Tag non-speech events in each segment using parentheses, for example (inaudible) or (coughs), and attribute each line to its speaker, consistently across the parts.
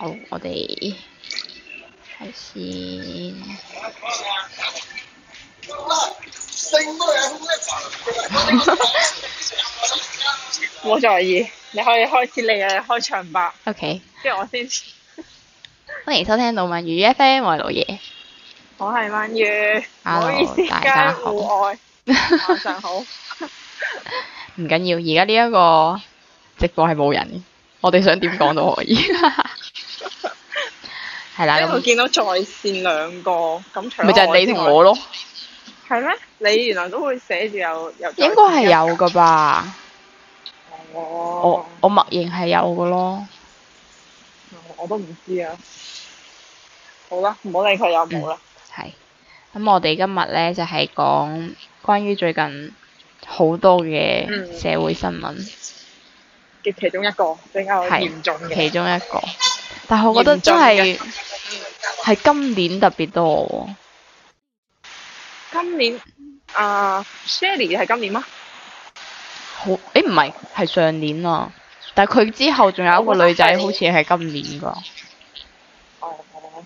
Speaker 1: 好，我哋開始。
Speaker 2: 冇在意，你可以開始你嘅開場白。O K，即係我先。
Speaker 1: (laughs) 歡迎收聽老萬魚 F M，我係老爺，
Speaker 2: (laughs) 我係萬魚，唔 Hello, 好意思，大家好，晚愛 (laughs) 上好。
Speaker 1: 唔緊要，而家呢一個直播係冇人，我哋想點講都可以。 (laughs) 係啦因為見到
Speaker 2: 在綫兩個咁除，咪就係你同我咯。係咩？你原來都會寫住有有。應該係有
Speaker 1: 噶吧。我我我默認係有噶咯。我
Speaker 2: 都唔知啊。好啦，唔好理佢有冇啦。
Speaker 1: 係，咁我哋今日咧就係講關於最近好多嘅社會新聞
Speaker 2: 嘅其中一個比較嚴重嘅
Speaker 1: 其中一個。但係我覺得真係係今年特別多喎、哦。
Speaker 2: 今年啊、uh, Sherry 係今年嗎？
Speaker 1: 好，誒唔係係上年啊。但係佢之後仲有一個女仔，好似係今年噶。
Speaker 2: 哦，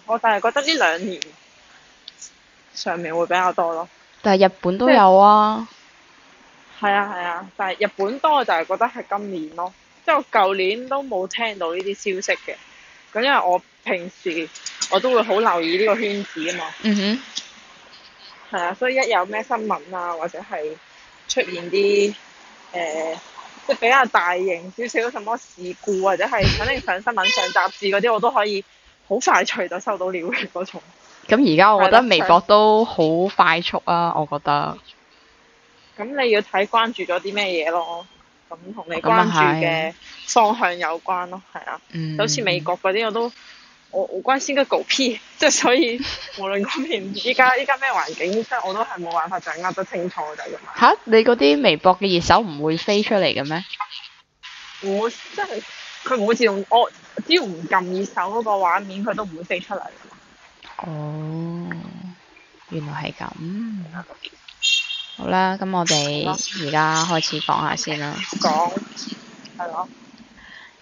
Speaker 2: 我但係覺得呢兩年上面會比較多咯。
Speaker 1: 但係日本都有啊。
Speaker 2: 係啊係啊，但係日本多就係覺得係今年咯，即係我舊年都冇聽到呢啲消息嘅。咁因為我平時我都會好留意呢個圈子啊嘛，係、mm hmm. 啊，所以一有咩新聞啊，或者係出現啲誒，即係、就是、比較大型少少什麼事故或者係肯定上新聞上雜誌嗰啲，我都可以好快脆就收到料嘅嗰種。
Speaker 1: 咁而家我覺得微博都好快速啊，我覺得。
Speaker 2: 咁你要睇關注咗啲咩嘢咯，咁同你關注嘅。方向有關咯，係啊，好似、嗯、美國嗰啲我都，我我關先嘅 G O P 即係所以無論嗰邊依家依家咩環境，即係我都係冇辦法掌握得清楚㗎。
Speaker 1: 嚇！你嗰啲微博嘅熱搜唔會飛出嚟嘅咩？唔會，即
Speaker 2: 係佢唔會自動。我只要唔撳熱搜嗰個畫面，佢都唔會飛出嚟。
Speaker 1: 哦，原來係咁。 (laughs) 好啦，咁我哋而家開始講下先啦。 (laughs) 講，係咯。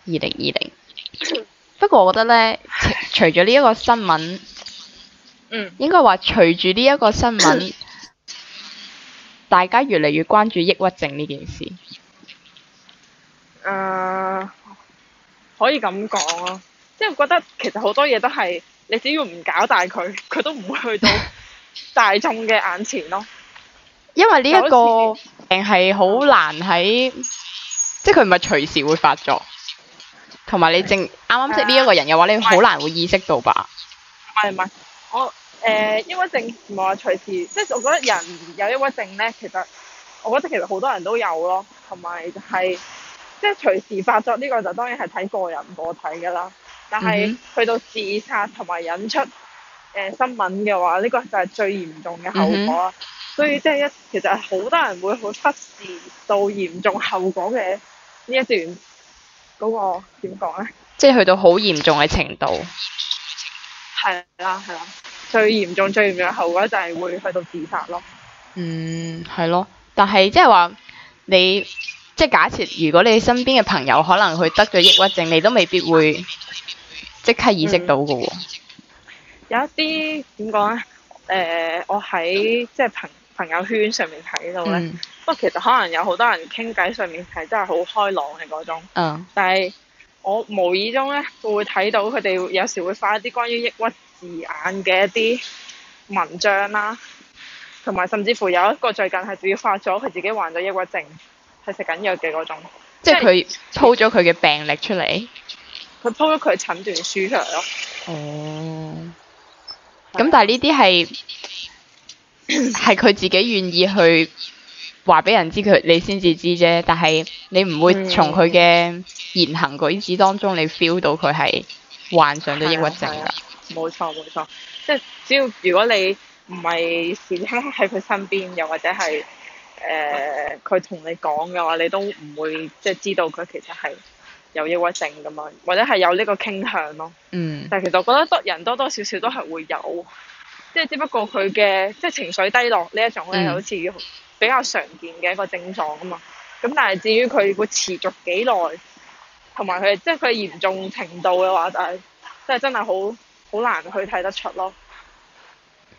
Speaker 1: 二零二零，2020. (coughs) 不過我覺得呢，除除咗呢一個新聞，嗯，應該話隨住呢一個新聞， (coughs) 大家越嚟越關注抑鬱症呢件事。
Speaker 2: 誒，uh, 可以咁講咯，即係我覺得其實好多嘢都係，你只要唔搞大佢，佢都唔會去到大眾嘅眼前咯。
Speaker 1: (laughs) 因為呢一個病係好難喺，即係佢唔係隨時會發作。同埋你正
Speaker 2: 啱啱的識呢一個
Speaker 1: 人嘅話，你好難會意識到吧？
Speaker 2: 唔係唔係，我誒，抑鬱症唔係話隨時，即、就、係、是、我覺得人有抑鬱症咧，其實我覺得其實好多人都有咯。同埋就係、是，即係隨時發作呢、這個就當然係睇個人個體噶啦。但係去到自殺同埋引出誒、呃、新聞嘅話，呢、這個就係最嚴重嘅後果。嗯、哼所以即係一，其實好多人會好忽視到嚴重後果嘅呢一段。嗰個點
Speaker 1: 講呢，即係去到好嚴重嘅程度，
Speaker 2: 係啦係啦，最嚴重最嚴重嘅後果就係會去到自殺咯。嗯，
Speaker 1: 係咯，但係即係話你即係假設如果你身邊嘅朋友可能佢得咗抑鬱症，你都未必會即刻意識到㗎喎、
Speaker 2: 嗯。有一啲點講呢？誒、呃，我喺即係朋朋友圈上面睇到咧，不過、嗯、其實可能有好多人傾偈上面係真係好開朗嘅嗰種，嗯、但係我無意中咧會睇到佢哋有時會發一啲關於抑鬱字眼嘅一啲文章啦、啊，同埋甚至乎有一個最近係自己發咗佢自己患咗抑鬱症，係食緊藥嘅嗰種，
Speaker 1: 即係佢 po 咗佢嘅病歷出嚟，
Speaker 2: 佢 po 咗佢診斷書出嚟咯。哦、嗯，
Speaker 1: 咁、嗯、但係呢啲係。係佢 (laughs) 自己願意去話俾人知佢，你先至知啫。但係你唔會從佢嘅言行舉止當中，你 feel 到佢係患上咗抑鬱症㗎。
Speaker 2: 冇、 (noise) 啊啊、錯冇錯，即係只要如果你唔係時刻喺佢身邊，又或者係誒佢同你講嘅話，你都唔會即係、就是、知道佢其實係有抑鬱症㗎嘛，或者係有呢個傾向咯。嗯。但係其實我覺得多人多多少少都係會有。即係只不過佢嘅即係情緒低落呢一種咧，嗯、好似比較常見嘅一個症狀啊嘛。咁但係至於佢會持續幾耐，同埋佢即係佢嚴重程度嘅話，即、就、係、是、真係好好難去睇得出咯。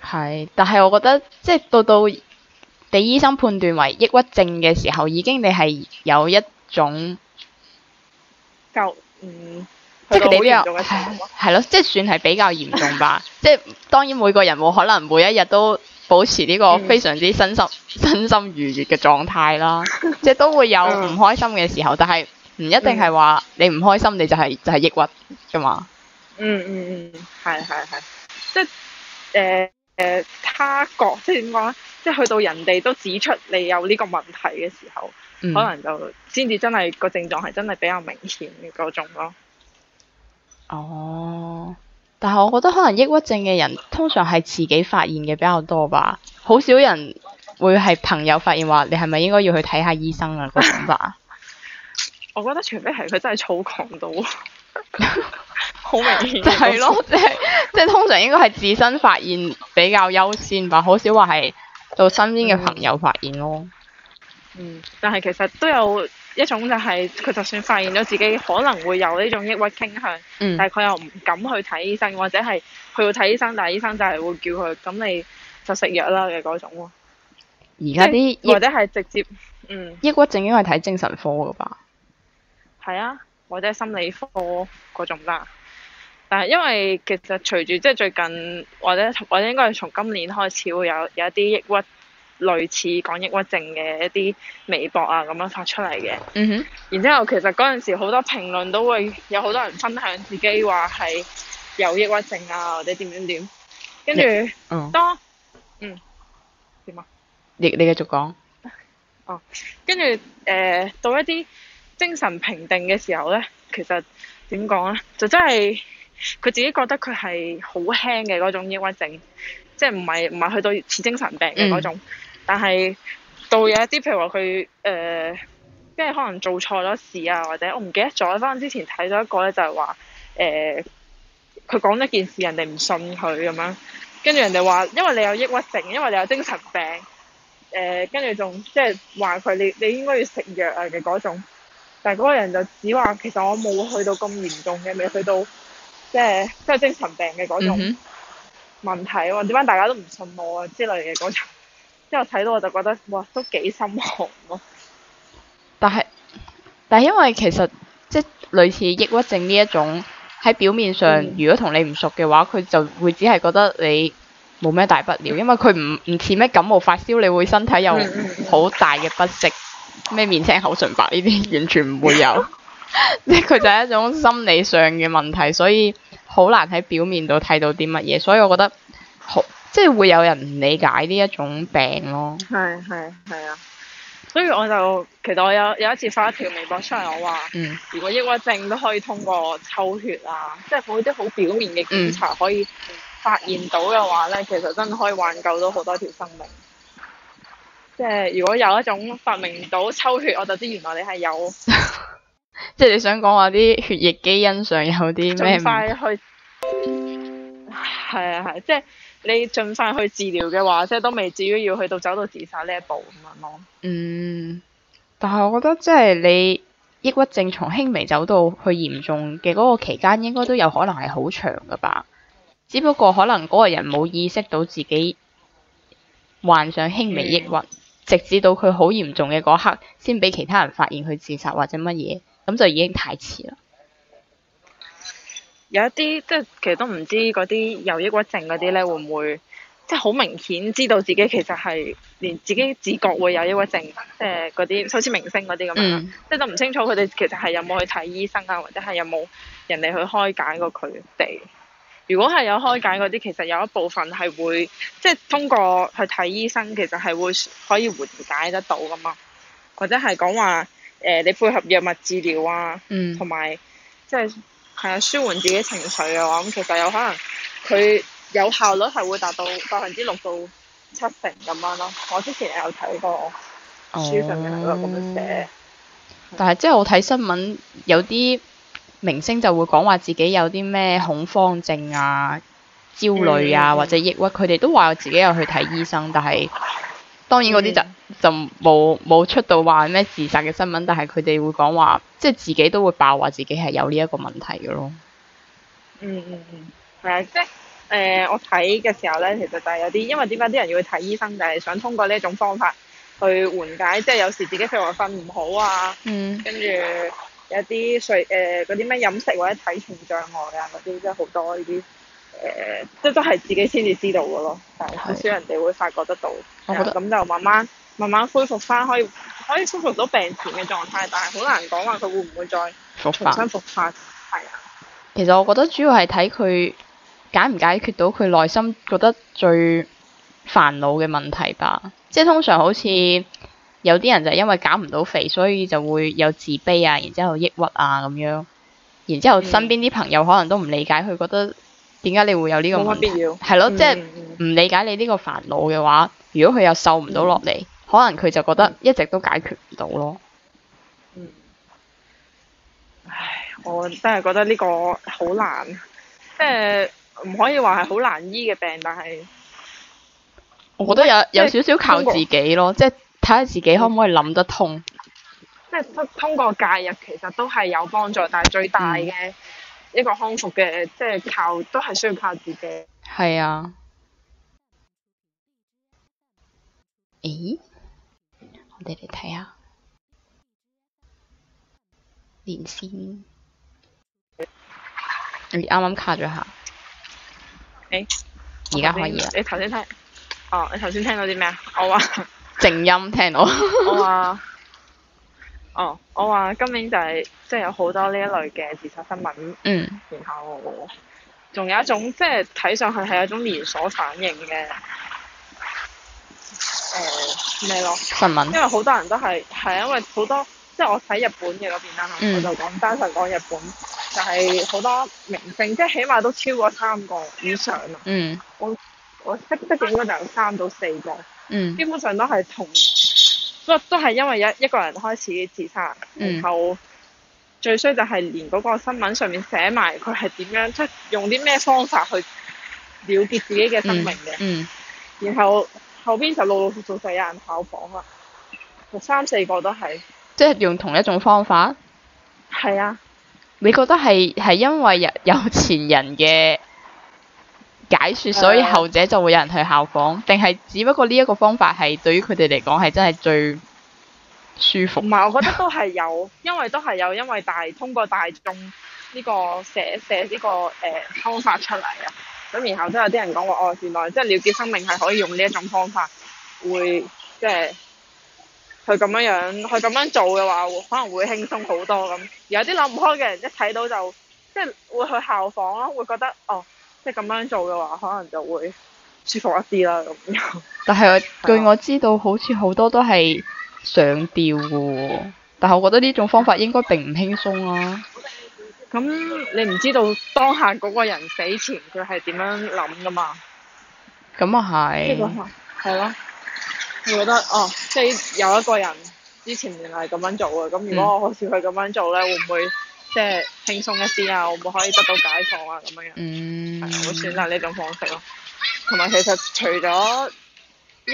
Speaker 1: 係，但係我覺得即係到到你醫生判斷為抑鬱症嘅時候，已經你係有一種
Speaker 2: 夠嗯。即係佢哋呢個
Speaker 1: 係係咯， (noise) 唉即係算係比較嚴重吧。 (laughs) 即係當然每個人冇可能每一日都保持呢個非常之身心、嗯、身心愉悅嘅狀態啦。 (laughs) 即係都會有唔開心嘅時候，嗯、但係唔一定係話你唔開心你就係、係、就係、係、抑鬱㗎嘛。嗯嗯嗯，
Speaker 2: 係係係，即係誒誒他覺即係點講咧？即係去到人哋都指出你有呢個問題嘅時候，嗯、可能就先至真係、嗰個症狀係真係比較明顯嘅嗰、嗰個、種咯。
Speaker 1: 哦，oh, 但係我覺得可能抑鬱症嘅人通常係自己發現嘅比較多吧，好少人會係朋友發現話你係咪應該要去睇下醫生啊，個想法，我覺得除非係佢真係躁狂到，好 (laughs) 明顯。係咯 (laughs) 了，即係即係通常應該係自身發現比較優先吧，好少話係到身邊嘅朋友發現咯。嗯，嗯，
Speaker 2: 但係其實都有。一種就係、係、佢就算發現咗自己可能會有呢種抑鬱傾向，嗯、但係佢又唔敢去睇醫生，或者係去睇醫生，但係醫生就係會叫佢咁你就食藥啦嘅嗰種喎。
Speaker 1: 而家啲或者係
Speaker 2: 直接，嗯，
Speaker 1: 抑鬱症應該係睇精神科噶吧。
Speaker 2: 係啊，或者心理科嗰種啦。但係因為其實隨住即係最近或者或者應該係從今年開始會有有一啲抑鬱。類似講抑鬱症嘅一啲微博啊咁樣發出嚟嘅，嗯哼。然之後其實嗰陣時好多評論都會有好多人分享自己話係有抑鬱症啊或者點點點，跟住，嗯。當，嗯，點啊？你你繼續講。哦，跟住誒到一啲精神平定嘅時候呢，其實點講咧，就真係佢自己覺得佢係好輕嘅嗰種抑鬱症，即係唔係唔係去到似精神病嘅嗰種。嗯但係到有一啲，譬如話佢誒，即、呃、係可能做錯咗事啊，或者我唔記得咗。反之前睇咗一個咧，就係話誒，佢講一件事，人哋唔信佢咁樣，跟住人哋話，因為你有抑鬱症，因為你有精神病，誒、呃，跟住仲即係話佢你你應該要食藥啊嘅嗰種。但係嗰個人就只話其實我冇去到咁嚴重嘅，未去到即係即係精神病嘅嗰種問題喎。點解、嗯、哼大家都唔信我啊之類嘅嗰種？之後
Speaker 1: 睇到我就覺得，哇，都幾心寒咯。但係，但係因為其實即係類似抑鬱症呢一種，喺表面上，如果同你唔熟嘅話，佢就會只係覺得你冇咩大不了，因為佢唔唔似咩感冒發燒，你會身體有好大嘅不適，咩面青口唇白呢啲完全唔會有。 (laughs) 即佢就係一種心理上嘅問題，所以好難喺表面度睇到啲乜嘢。所以我覺得好。即係會有人唔理解呢一種病咯，
Speaker 2: 係係係啊，所以我就其實我有有一次發一條微博出嚟，我話，嗯，如果抑鬱症都可以通過抽血啊，即係嗰啲好表面嘅檢查可以發現到嘅話咧，其實真係可以挽救到好多條生命。即係如果有一種發明到抽血，我就知原來你係有，
Speaker 1: 即係 (laughs) 你想講話啲血液基因上有啲咩？最快
Speaker 2: 去係 recuer da 啊係，即係、啊。你盡快去治療嘅話，即係都未至於要去到走到自殺呢一步咁樣咯。嗯，
Speaker 1: 但係我覺得即係你抑鬱症從輕微走到去嚴重嘅嗰個期間，應該都有可能係好長㗎吧？只不過可能嗰個人冇意識到自己患上輕微抑鬱，直至到佢好嚴重嘅嗰刻，先畀其他人發現佢自殺或者乜嘢，咁就已經太遲啦。
Speaker 2: 有一啲即係其實都唔知嗰啲有抑鬱症嗰啲咧，會唔會即係好明顯知道自己其實係連自己自覺會有抑鬱症，誒嗰啲好似明星嗰啲咁樣，嗯、即係都唔清楚佢哋其實係有冇去睇醫生啊，或者係有冇人哋去開解過佢哋。如果係有開解嗰啲，其實有一部分係會即係通過去睇醫生，其實係會可以緩解得到㗎嘛。或者係講話誒，你配合藥物治療啊，同埋、嗯、即係。係啊，舒緩自己情緒嘅話，咁、嗯、其實有可能佢有效率係會達到百分之六到七成咁樣咯。我之前有睇過書
Speaker 1: 上面有咁樣寫。嗯、但係即係我睇新聞，有啲明星就會講話自己有啲咩恐慌症啊、焦慮啊、嗯、或者抑鬱，佢哋都話自己有去睇醫生，但係。當然嗰啲就、嗯、就冇冇出到話咩自殺嘅新聞，但係佢哋會講話，即係自己都會爆話自己係有呢一個問題嘅咯。嗯嗯嗯，
Speaker 2: 係、嗯、啊，即係誒，我睇嘅時候咧，其實就係有啲，因為點解啲人要去睇醫生，就係想通過呢一種方法去緩解，即係有時自己譬如話瞓唔好啊，跟住有啲睡誒嗰啲咩飲食或者體重障礙啊嗰啲，真係好多呢啲。誒，即、呃就是、都係自己先至知道嘅咯，但係好少人哋會發覺得到。我覺得咁就慢慢慢慢恢復翻，可以可以恢復到病前嘅狀態，但係好難講話佢會唔會再復，重新復發。係
Speaker 1: 啊飯。的其實我覺得主要係睇佢解唔解決到佢內心覺得最煩惱嘅問題吧。即、就、係、是、通常好似有啲人就係因為減唔到肥，所以就會有自卑啊，然之後抑鬱啊咁樣。然之後身邊啲朋友可能都唔理解佢，覺得、嗯。點解你會有呢個問題？係咯，了嗯、即係唔理解你呢個煩惱嘅話，嗯、如果佢又受唔到落嚟，嗯、可能佢就覺得一直都解決唔到咯。嗯。
Speaker 2: 唉，我真係覺得呢個好難，即係唔可以話係好難醫嘅病，但係
Speaker 1: 我覺得有、即係、有少少靠自己咯，即係睇下自己可唔可以諗得通。即
Speaker 2: 係通通過介入其實都係有幫助，但係最大嘅。
Speaker 1: 一個康復嘅，即係靠，都係需要靠自己。係啊。誒、欸，我哋嚟睇下連線。欸。你啱啱卡咗下。誒，而家可以啦。你
Speaker 2: 頭先聽，哦，你頭先聽到啲咩啊？我話
Speaker 1: (laughs) 靜音聽到。我話
Speaker 2: (laughs) 哦，我話今年就係。即係有好多呢一類嘅自殺新聞，嗯、然後仲有一種即係睇上去係一種連鎖反應嘅誒咩咯新聞，因為好多人都係係因為好多即係我睇日本嘅嗰邊啦，嗯、我就講單純講日本就係好多明星，即係起碼都超過三個以上嗯，我我一一點應該就有三到四個。嗯，基本上都係同都都係因為一一個人開始自殺，嗯、然後。最衰就係連嗰個新聞上面寫埋佢係點樣，即、就是、用啲咩方法去了結自己嘅生命嘅，嗯嗯、然後後邊就陸陸續續就有人效仿啦，就三四個都係。
Speaker 1: 即係用同一種方法。
Speaker 2: 係啊。
Speaker 1: 你覺得係係因為有有前人嘅解說，所以後者就會有人去效仿，定係、啊、只不過呢一個方法係對於佢哋嚟講係真係最？舒服，唔係我覺得
Speaker 2: 都係有，因為都係有，因為大通過大眾呢個寫寫呢、呢個誒、呃、方法出嚟啊，咁然後都有啲人講話哦，原來即係了結生命係可以用呢一種方法，會即係佢咁樣樣，佢咁樣做嘅話，可能會輕鬆好多咁。有啲諗唔開嘅人一睇到就即係會去效仿咯，會覺得哦，即係咁樣做嘅話，可能就會
Speaker 1: 舒服一啲啦咁。但係是 (laughs) 據我知道， (laughs) 好似好多都係。上吊喎，但係我覺得呢種方法應該並唔輕鬆啊。
Speaker 2: 咁、嗯、你唔知道當下嗰個人死前佢係點樣諗噶嘛？
Speaker 1: 咁啊係。即
Speaker 2: 係講咯。我吧覺得哦，嗯、即係有一個人之前原來係咁樣做嘅，咁如果我好似佢咁樣做咧，嗯、會唔會即係輕鬆一啲啊？會唔會可以得到解放啊？咁樣樣。嗯。會選擇呢種方式咯。同埋、啊、其實除咗。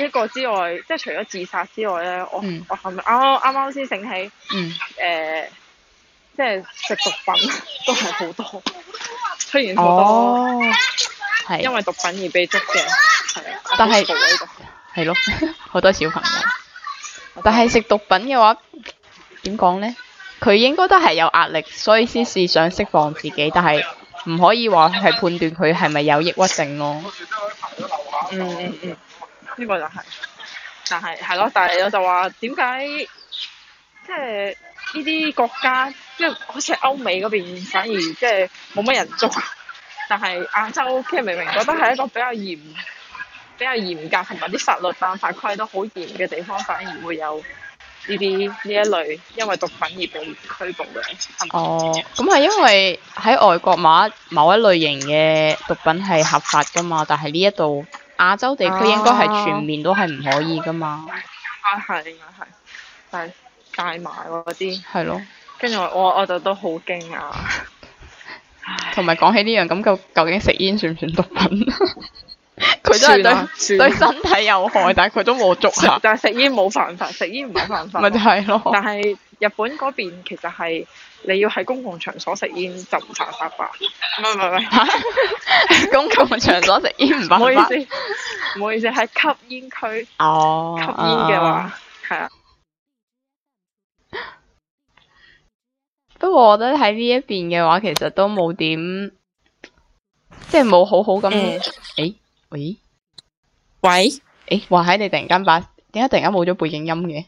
Speaker 2: 呢個之外，即係除咗自殺之外咧，我、嗯、我係咪啱啱啱啱先醒起？誒、嗯呃，即係食毒品都係好多，雖然好多係、哦、因為毒品而被捉嘅，係啊，全部
Speaker 1: 係咯，好的是的 (laughs) 多小朋友。但係食毒品嘅話，點講咧？佢應該都係有壓力，所以先試想釋放自己，但係唔可以話係判斷佢係咪有抑鬱症咯、啊。嗯嗯嗯。嗯
Speaker 2: 呢個就係、是，但係係咯，但係我就話點解，即係呢啲國家即係好似歐美嗰邊，反而即係冇乜人捉，但係亞洲即明明覺得係一個比較嚴，比較嚴格同埋啲法律法法規都好嚴嘅地方，反而會有呢啲呢一類因為毒品而被拘捕嘅。哦，
Speaker 1: 咁係因為喺外國某某一類型嘅毒品係合法㗎嘛，但係呢一度。亞洲地區應該係全面都係唔可以㗎嘛，
Speaker 2: 啊係啊係，帶帶埋嗰啲係咯，跟住我我我就都好驚訝。
Speaker 1: 同埋講起呢樣咁，究究竟食煙算唔算毒品？佢 (laughs) 了都係對了對身
Speaker 2: 體有害，了但係佢
Speaker 1: 都冇捉。但就
Speaker 2: 係食煙冇犯法，食煙唔係犯
Speaker 1: 法。咪 (laughs) 就係咯。但係
Speaker 2: 日本嗰邊其實係。你要喺公共場所食煙就唔查法吧。
Speaker 1: 唔係唔係公共場所食煙唔犯法。唔好意思，
Speaker 2: 唔好意思，喺吸煙區
Speaker 1: 吸煙嘅話，係啊。不過我覺得喺呢一邊嘅話，其實都冇點，即係冇好好咁。誒喂喂，誒話喺你突然間把點解突然間冇咗背景音嘅？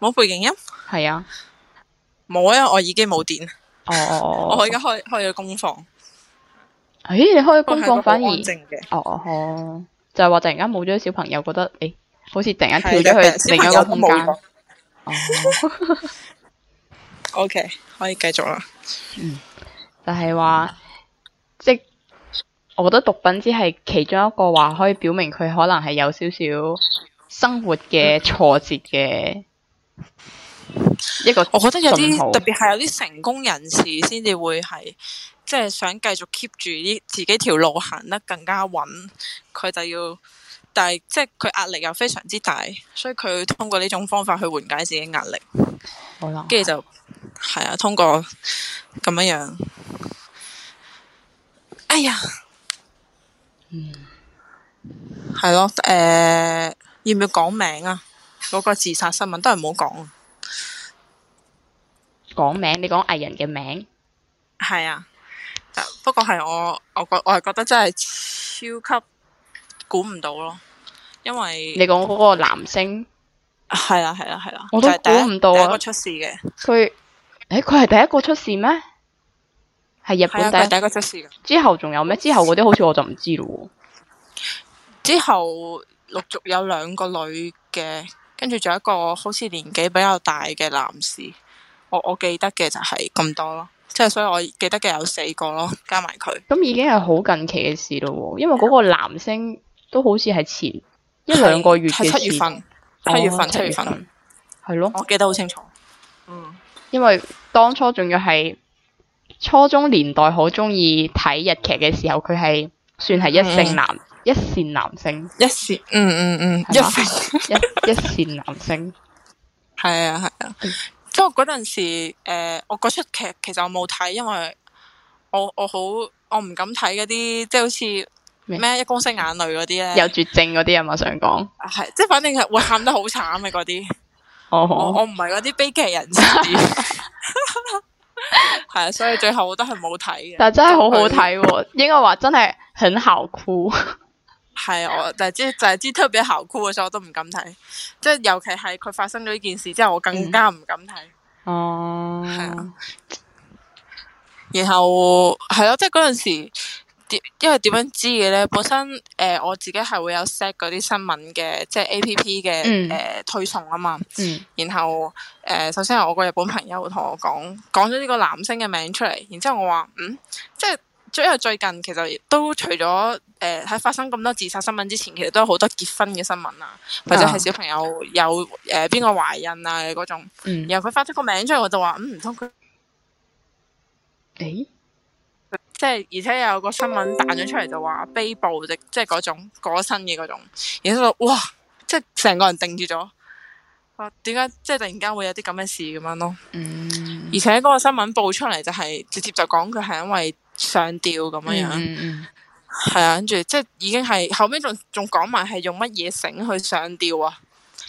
Speaker 2: 冇背景音。係啊。冇啊！我耳機冇電。
Speaker 1: 哦、oh.，我而家
Speaker 2: 開開咗功放。
Speaker 1: 工房咦？你開咗功放反而哦哦，哦、oh.，oh. 就係話突然間冇咗小朋友，覺得誒、欸，好似突然間跳咗去另一個空間。哦。O、oh. (laughs) K，、okay, 可以繼續啦。 (laughs) 嗯，就係話，嗯、即我覺得毒品只係其中一個話，可以表明佢可能係有少少生活嘅挫折嘅。 (laughs) 一個，我覺得有啲特別
Speaker 2: 係有啲成功人士先至會係，即係想繼續 keep 住啲自己條路行得更加穩，佢就要，但係即係佢壓力又非常之大，所以佢通過呢種方法去緩解自己壓力。好啦，跟住就係啊，通過咁樣樣。哎呀，嗯，係咯，誒，要唔要講名啊？嗰個自殺新聞都係唔好講。
Speaker 1: 講名，你講藝人嘅名？
Speaker 2: 係啊，不過係我我覺我係覺得真係超級估唔到咯，
Speaker 1: 因為你講嗰個男星？係啦係啦係啦，我都估唔到啊。第一個出事嘅佢，誒佢係第一個出事咩？係日本第第一個出事。之後仲有咩？之後嗰啲好似我就唔知咯。
Speaker 2: 之後陸續有兩個女嘅。跟住仲有一個好似年紀比較大嘅男士，我我記得嘅就係咁多咯，即係所以我記得嘅有四個咯，加埋佢，
Speaker 1: 咁已經係好近期嘅事咯。因為嗰個男星都好似係前
Speaker 2: 一，是一兩個月係七月份，七月份，哦、
Speaker 1: 七月份，係咯，的的我記得好清楚。嗯，因為當初仲要係初中年代好中意睇日劇嘅時候，佢係算係一性男。嗯一線男性，一線嗯嗯嗯，一線一一線男性，係啊
Speaker 2: 係啊，即係嗰陣時誒，我嗰出劇其實我冇睇，因為我我好我唔敢睇嗰啲，即係好似咩一公升眼淚嗰啲咧，有
Speaker 1: 絕症嗰啲啊嘛，想講，
Speaker 2: 係即係反正係會喊得好慘嘅嗰啲，
Speaker 1: 我
Speaker 2: 唔係嗰啲悲劇人士，係啊，所以最後我都係冇睇嘅，但係真係好好睇，
Speaker 1: 應該話真係很好哭。
Speaker 2: 係我但係知就係知特別校酷嘅時候我都唔敢睇，即係尤其係佢發生咗呢件事之後，我更加唔敢睇。哦，係啊。然後係咯，即係嗰陣時因為點樣知嘅咧？本身誒、呃，我自己係會有 set 嗰啲新聞嘅即係 A P P 嘅誒推送啊嘛。嗯、然後誒、呃，首先係我個日本朋友同我講，講咗呢個男星嘅名出嚟，然之後我話嗯，即係。因為最近，其實都除咗誒喺發生咁多自殺新聞之前，其實都有好多結婚嘅新聞啊，或者係小朋友有誒邊、呃、個懷孕啊嗰種，嗯、然後佢發出個名出嚟，我就話唔通佢誒，嗯
Speaker 1: 欸、
Speaker 2: 即係而且有個新聞彈咗出嚟，就話悲報的，即係嗰種過身嘅嗰種，然後哇，即係成個人定住咗，點解即係突然間會有啲咁嘅事咁樣咯？嗯，而且嗰個新聞報出嚟就係、是、直接就講佢係因為。上吊咁
Speaker 1: 樣
Speaker 2: 樣，係、嗯、啊，跟住即係已經係後尾仲仲講埋係用乜嘢繩去上吊啊？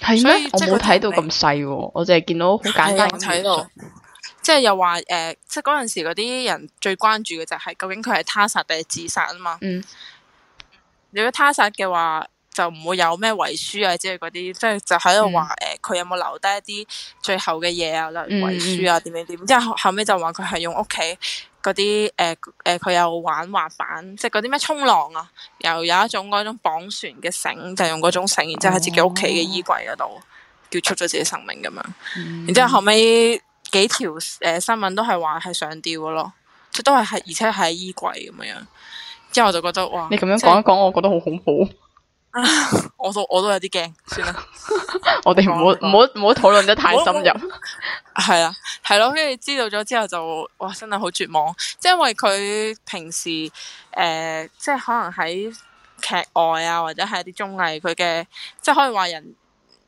Speaker 2: 嗎所以
Speaker 1: 即係我冇睇到咁細、啊，我淨係見到好簡單、啊。睇到
Speaker 2: (laughs) 即係又話誒、呃，即係嗰陣時嗰啲人最關注嘅就係究竟佢係他殺定係自殺啊嘛？嗯，如果他殺嘅話。就唔會有咩遺書啊，即係嗰啲，即係就喺度話誒，佢、嗯呃、有冇留低一啲最後嘅嘢啊，例如遺書啊，點點點。之後後尾就話佢係用屋企嗰啲誒誒，佢、呃呃、有玩滑板，即係嗰啲咩衝浪啊，又有一種嗰種綁船嘅繩，就係、用嗰種繩，然之後喺自己屋企嘅衣櫃嗰度叫出咗自己生命咁樣。然之後後尾幾條誒新聞都係話係上吊嘅咯，即都係係，而且喺衣櫃咁樣。之後我就覺得哇，你咁樣講一
Speaker 1: 講，即係我覺得好恐怖。
Speaker 2: (laughs) 我都我都有啲驚，算啦，
Speaker 1: (laughs) 我哋唔好唔好唔好討論得太深入。
Speaker 2: 係啦，係咯，跟住知道咗之後就哇，真係好絕望，即係因為佢平時誒、呃，即係可能喺劇外啊，或者係啲綜藝，佢嘅即係可以話人。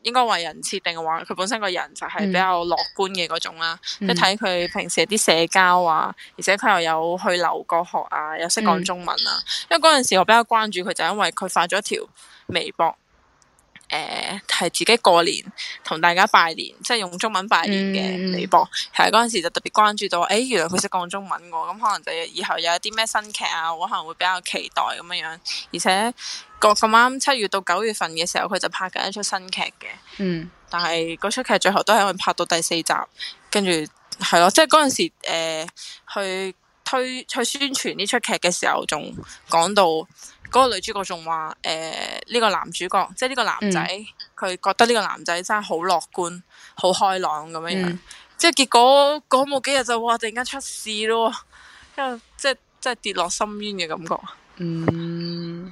Speaker 2: 應該為人設定嘅話，佢本身個人就係比較樂觀嘅嗰種啦。即睇佢平時啲社交啊，而且佢又有去留過學啊，又識講中文啊。嗯、因為嗰陣時我比較關注佢，就係、因為佢發咗一條微博。誒，係、呃、自己過年同大家拜年，即係用中文拜年嘅微博，係嗰陣時就特別關注到，誒、欸，原來佢識講中文喎，咁可能就以後有一啲咩新劇啊，我可能會比較期待咁樣樣。而且，咁咁啱七月到九月份嘅時候，佢就拍緊一出新劇嘅，嗯，但係嗰出劇最後都係因為拍到第四集，跟住係咯，即係嗰陣時誒、呃，去推去宣傳呢出劇嘅時候，仲講到。嗰個女主角仲話：誒、呃，呢、這個男主角，即係呢個男仔，佢覺得呢個男仔真係好樂觀、好開朗咁樣樣。即係結果講冇幾日就哇，突然間出事咯，因為即係即係跌落深淵嘅感覺。嗯，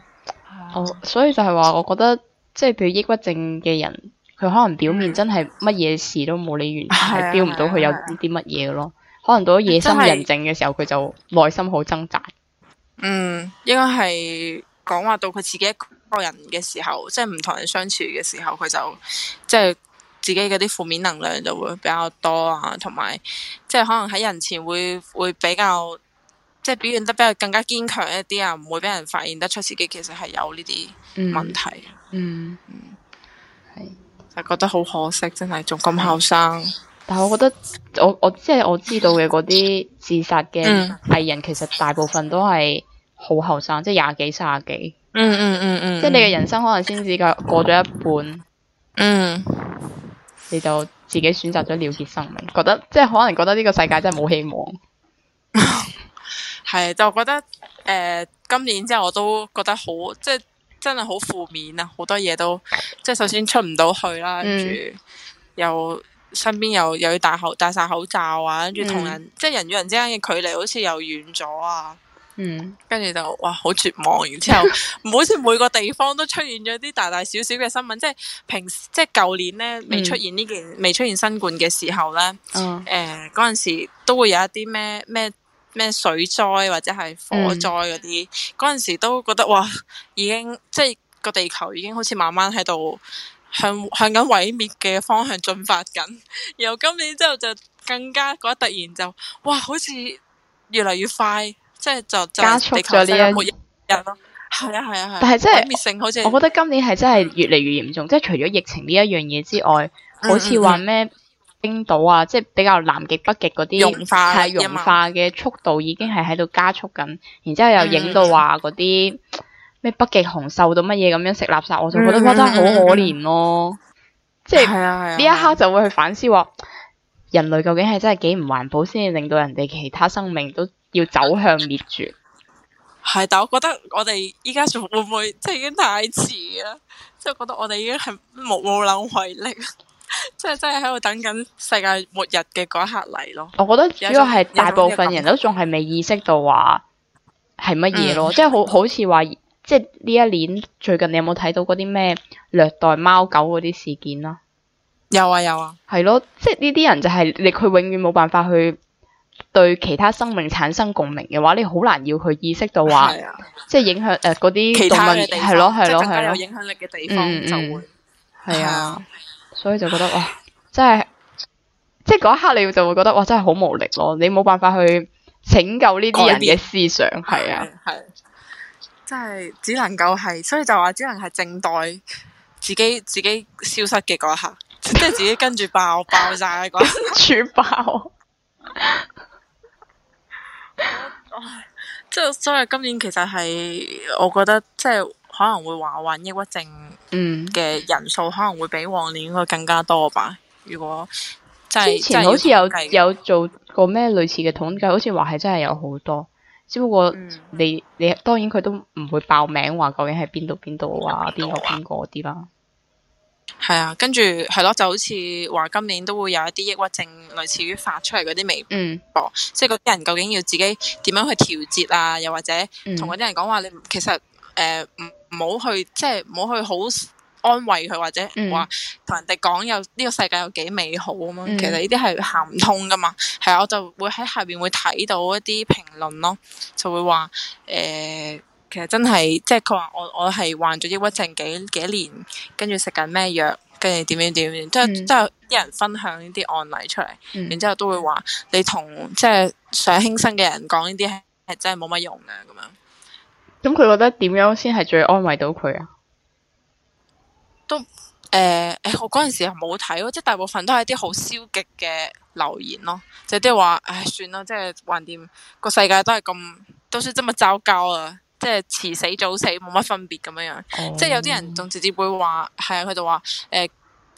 Speaker 2: 哦、
Speaker 1: really really 嗯，所以就係話，我覺得即係譬如抑鬱症嘅人，佢可能表面真係乜嘢事都冇，你完全係表唔到佢有呢啲乜嘢咯。可能到咗夜深人靜嘅時候，佢就內心好掙扎。
Speaker 2: 嗯，應該係講話到佢自己一個人嘅時候，即係唔同人相處嘅時候，佢就即係自己嗰啲負面能量就會比較多啊，同埋即係可能喺人前會會比較即係表現得比較更加堅強一啲啊，唔會俾人發現得出自己其實係有呢啲問題。嗯，嗯、
Speaker 1: 係、就覺得好可惜，真係仲咁後生。但係我覺得我我即係我知道嘅嗰啲自殺嘅藝人，其實大部分都係好後生，即係廿幾、卅幾。嗯嗯嗯嗯，嗯嗯嗯即係你嘅人生可能先至夠過咗一半。嗯，你就自己選擇咗了，了結生命，覺得即係可能覺得呢個世界真係冇希望。
Speaker 2: 係就 (laughs) 覺得誒、呃，今年之後我都覺得好，即係真係好負面啊！好多嘢都即係首先出唔到去啦，跟住、嗯、又。身邊又又要戴口戴晒口罩啊，跟住同人、嗯、即係人與人之間嘅距離好似又遠咗啊。嗯，跟住就哇好絕望。 (laughs) 然之後，唔好似每個地方都出現咗啲大大小小嘅新聞，即係平即係舊年咧未出現呢件、嗯、未出現新冠嘅時候咧，誒嗰陣時都會有一啲咩咩咩水災或者係火災嗰啲，嗰陣、嗯、 (laughs) 時都覺得哇，已經即係個地，地，地球已經好似慢慢喺度。向向緊毀滅嘅方向進發緊，由今年之後就更加覺得突然就，哇，好似越嚟越快，即係就，就加速咗呢一日咯，係啊係啊係。啊但係真係，毀滅性好似我覺得
Speaker 1: 今年係真係越嚟越嚴重，嗯、即係除咗疫情呢一樣嘢之外，嗯、好似話咩冰島啊，即係、嗯、比較南極、北極嗰啲係融化嘅，、啊、速度已經係喺度加速緊，然之後，後又影到話嗰啲。嗯咩北極熊瘦到乜嘢咁樣食垃圾，我就覺得真係好可憐咯。即係呢一刻就會去反思話，人類究竟係真係幾唔環保，先至令到人哋其他生命都要走向滅絕。
Speaker 2: 係， (laughs) 但我覺得我哋依家仲會唔會即係已經太遲啦？即係覺得我哋已經係無無能為力，即係真係喺度等緊世界末日嘅嗰一刻嚟咯。我覺得主要係大部分人都
Speaker 1: 仲係未意識到話係乜嘢咯， (laughs) 即係好好似話。即係呢一年最近你有冇睇到嗰啲咩虐待貓狗嗰啲事件咯？有啊有啊，係 (noise) 咯樂，即係呢啲人就係你佢永遠冇辦法去對其他生命產生共鳴嘅話，你好難要去意識到話，是啊、即係影響誒嗰啲動物係咯係咯係咯，有、 (music) 就是、影響力嘅地方就會係啊， (music) (music) 所以就覺得哇，真係即係嗰一刻你就會覺得哇真係好無力咯，你冇辦法去拯救呢啲人嘅思想係邊啊係。
Speaker 2: 即係只能夠係，所以就話只能係靜待自己自己消失嘅嗰一下，即係自己跟住爆爆炸嗰處爆。 (laughs) 即係所以今年其實係，我覺得即係可能會話患抑鬱症嗯嘅人數可能會比往年應該更加多吧。如果即係之前好似有有
Speaker 1: 做過咩類似嘅統計，好似話係真係有好多。只不過你你當然佢都唔會爆名話究竟係邊度邊度啊，邊個邊個啲啦。係 (noise) 啊，
Speaker 2: 跟住係咯，就好似話今年都會有一啲抑鬱症類似於發出嚟嗰啲微博，嗯、即係嗰啲人究竟要自己點樣去調節啊？又或者同嗰啲人講話，你其實誒、呃、唔好去，即係唔好去好。安慰佢或者話同人哋講有呢、嗯、個世界有幾美好咁樣，嗯、其實呢啲係行唔通㗎嘛。係啊，我就會喺下邊會睇到一啲評論咯，就會話誒、呃，其實真係即係佢話我我係患咗抑鬱症幾幾幾年，跟住食緊咩藥，跟住點點點，即係即係啲人分享呢啲案例出嚟，嗯、然之後都會話
Speaker 1: 你同即係想輕生嘅人講呢啲
Speaker 2: 係真係冇乜用啊咁樣。
Speaker 1: 咁佢覺得點樣先係最安慰到佢啊？
Speaker 2: 都誒誒、呃，我嗰陣時又冇睇咯，即係大部分都係啲好消極嘅留言咯，就啲話誒算啦，即係橫掂個世界都係咁，都算真係糟糕啊！即係遲死早死冇乜分別咁樣樣，Oh. 即係有啲人仲直接會話係啊，佢就話誒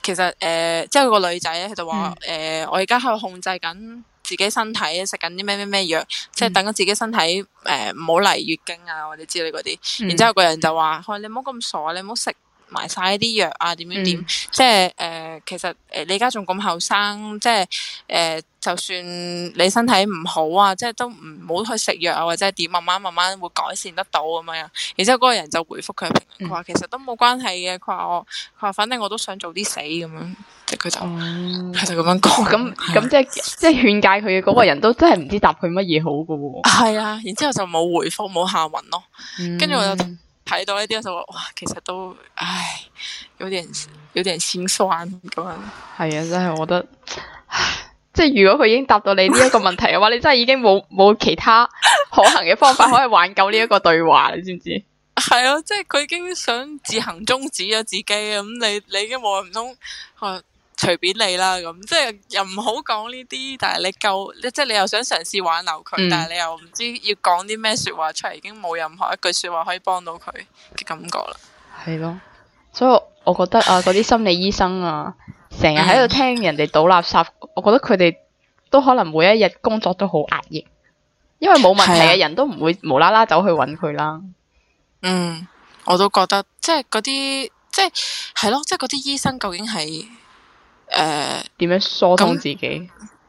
Speaker 2: 其實誒、呃、即係個女仔咧，佢就話誒我而家喺度控制緊自己身體，食緊啲咩咩咩藥，即係等緊自己身體誒唔好嚟月經啊或者之類嗰啲，然之後個人就話、嗯嗯：，你唔好咁傻，你唔好食。埋晒啲藥啊，點點點，即係誒，其實誒，你而家仲咁後生，即係誒，就算你身體唔好啊，即係都唔好去食藥啊，或者點慢慢慢慢會改善得到咁樣。然之後嗰個人就回覆佢，佢話其實都冇關係嘅，佢話我佢話反正我都想早啲死咁樣，
Speaker 1: 即佢就佢就咁樣講，咁咁即係即係勸解佢嘅嗰個人都真係唔知答佢乜嘢好噶喎。係
Speaker 2: 啊，然之後就冇回覆冇下文咯，
Speaker 1: 跟住我就。
Speaker 2: 睇到呢啲嘅時候，哇，其實都唉，有點有點心酸咁樣。
Speaker 1: 係啊，真係我覺得，唉，即係如果佢已經答到你呢一個問題嘅話， (laughs) 你真係已經冇冇其他可行嘅方法可以挽救呢一個對話， (laughs) 你知唔知？
Speaker 2: 係啊，即係佢已經想自行終止咗自己啊，咁你你已經冇唔通啊。隨便你啦，咁即係又唔好講呢啲，但係你夠，即係你又想嘗試挽留佢，但係你又唔知要講啲咩說話出嚟，已經冇任何一句說話可以幫到佢嘅感覺啦。
Speaker 1: 係咯，所以我我覺得啊，嗰啲心理醫生啊，成日喺度聽人哋倒垃圾，我覺得佢哋都可能每一日工作都好壓抑，因為冇問題嘅人都唔會無啦啦走去揾佢啦。嗯，我都覺得即係嗰啲，即係
Speaker 2: 係咯，即係嗰啲醫生究竟係。誒，
Speaker 1: 點、呃、樣疏通自己？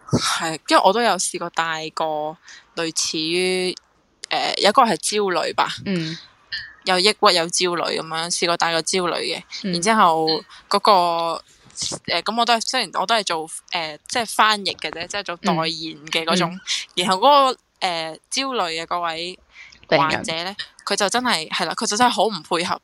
Speaker 2: 係，因為我都有試過帶過類似於誒、呃，有一個係焦慮吧。嗯。有抑鬱，有焦慮咁樣，試過帶過焦慮嘅，然之後嗰個誒，咁我都雖然我都係做誒，即係翻譯嘅啫，即係做代言嘅嗰種。然後嗰、那個誒、呃、焦慮嘅嗰位患者咧，佢人就真係係啦，佢就真係好唔配合。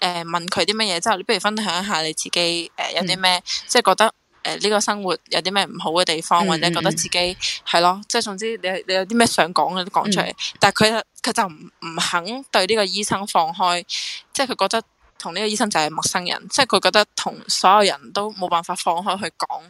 Speaker 2: 誒，問佢啲乜嘢？之後、就、係、是、你，不如分享一下你自己誒、呃，有啲咩、嗯、即係覺得誒，呢、呃呢個生活有啲咩唔好嘅地方，嗯、或者覺得自己係、嗯、咯，即係總之你有你有啲咩想講嘅都講出嚟。嗯、但係佢佢就唔唔肯對呢個醫生放開，即係佢覺得。同呢個醫生就係陌生人，即係佢覺得同所有人都冇辦法放開去講。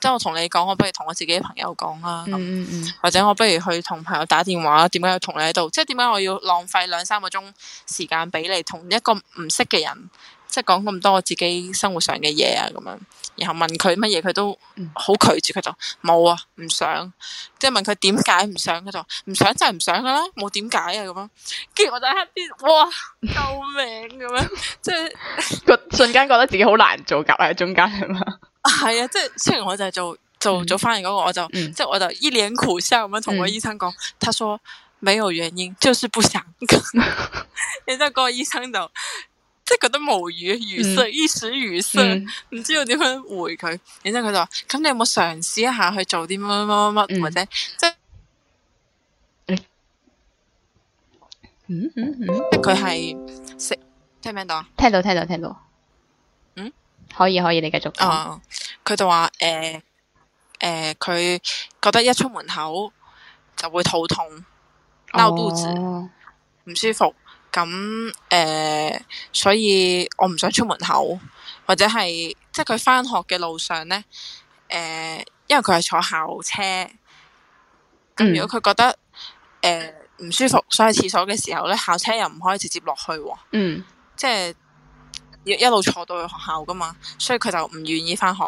Speaker 2: 即係我同你講，我不如同我自己朋友講啦、啊，嗯嗯或者我不如去同朋友打電話。點解要同你喺度？即係點解我要浪費兩三個鐘時間俾你同一個唔識嘅人？即係講咁多我自己生活上嘅嘢啊，咁樣，然後問佢乜嘢佢都好拒絕，佢就冇啊，唔想。即係問佢點解唔想，佢就唔想就係唔想噶啦，冇點解啊咁樣。跟住我就喺邊哇救命咁樣，即係、
Speaker 1: 就是、個瞬間覺得自己好難做，夾喺中間係嘛。係啊，即
Speaker 2: 係、啊就是、雖然我就係做做做翻譯嗰、那個，我就即係、嗯、我就一臉苦笑咁樣同個醫生講，嗯、他說沒有原因，就是不想。然之後嗰個醫生就。即係覺得無語，語塞，一時語塞，唔、嗯、知道點樣回佢。然之後佢就話：，咁、嗯、你有冇嘗試一下去做啲
Speaker 1: 乜乜乜乜，或者，、嗯、或者即係、嗯嗯，嗯嗯
Speaker 2: 嗯，佢係食，聽唔、嗯嗯、聽到？
Speaker 1: 聽到，聽到，聽到。嗯，可以，可以，你繼續哦，
Speaker 2: 佢就話：，誒、呃，誒、呃，佢、呃、覺得一出門口就會肚痛、
Speaker 1: 鬧肚子、
Speaker 2: 唔舒服。Oh. 咁誒、呃，所以我唔想出門口，或者係即係佢返學嘅路上呢，誒、呃，因為佢係坐校車。咁、嗯、如果佢覺得誒唔、呃、舒服，想去廁所嘅時候呢，校車又唔可以直接落去
Speaker 1: 喎、
Speaker 2: 哦。嗯。即係一路坐到去學校噶嘛，所以佢就唔願意返學。